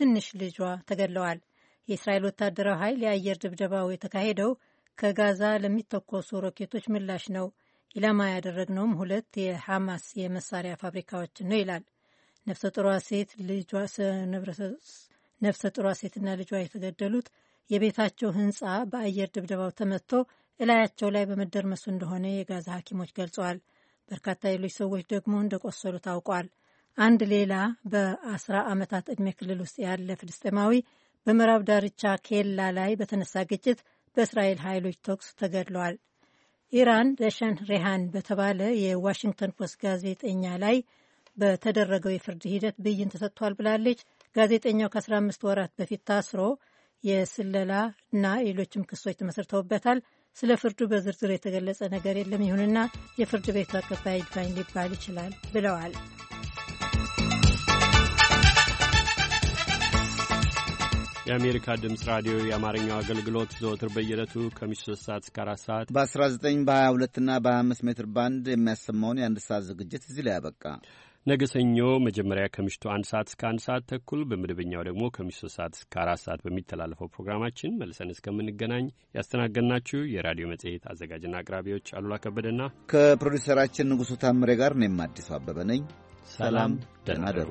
ትንሽ ልጇ ተገድለዋል። የእስራኤል ወታደራዊ ኃይል የአየር ድብደባው የተካሄደው ከጋዛ ለሚተኮሱ ሮኬቶች ምላሽ ነው። ኢላማ ያደረግነውም ሁለት የሐማስ የመሳሪያ ፋብሪካዎችን ነው ይላል። ነፍሰ ጥሯ ሴት ነፍሰ ጥሯ ሴትና ልጇ የተገደሉት የቤታቸው ህንፃ በአየር ድብደባው ተመትቶ እላያቸው ላይ በመደርመሱ እንደሆነ የጋዛ ሐኪሞች ገልጸዋል። በርካታ ሌሎች ሰዎች ደግሞ እንደቆሰሉ ታውቋል። አንድ ሌላ በአስራ ዓመታት ዕድሜ ክልል ውስጥ ያለ ፍልስጤማዊ በምዕራብ ዳርቻ ኬላ ላይ በተነሳ ግጭት በእስራኤል ኃይሎች ተኩስ ተገድለዋል። ኢራን ዘሸን ሬሃን በተባለ የዋሽንግተን ፖስት ጋዜጠኛ ላይ በተደረገው የፍርድ ሂደት ብይን ተሰጥቷል ብላለች። ጋዜጠኛው ከ15 ወራት በፊት ታስሮ የስለላ እና ሌሎችም ክሶች ተመስርተውበታል። ስለ ፍርዱ በዝርዝር የተገለጸ ነገር የለም። ይሁንና የፍርድ ቤቱ አቀባይ ይግባኝ ሊባል ይችላል ብለዋል። የአሜሪካ ድምፅ ራዲዮ የአማርኛው አገልግሎት ዘወትር በየዕለቱ ከምሽቱ 3 ሰዓት እስከ 4 ሰዓት በ19 በ22 እና በ25 ሜትር ባንድ የሚያሰማውን የአንድ ሰዓት ዝግጅት እዚህ ላይ ያበቃ። ነገ ሰኞ መጀመሪያ ከምሽቱ አንድ ሰዓት እስከ አንድ ሰዓት ተኩል በመደበኛው ደግሞ ከምሽቱ 3 ሰዓት እስከ 4 ሰዓት በሚተላለፈው ፕሮግራማችን መልሰን እስከምንገናኝ ያስተናገድናችሁ የራዲዮ መጽሔት አዘጋጅና አቅራቢዎች አሉላ ከበደና ከፕሮዲውሰራችን ንጉሡ ታምሬ ጋር እኔም አዲሱ አበበ ነኝ። ሰላም፣ ደህና ደሩ።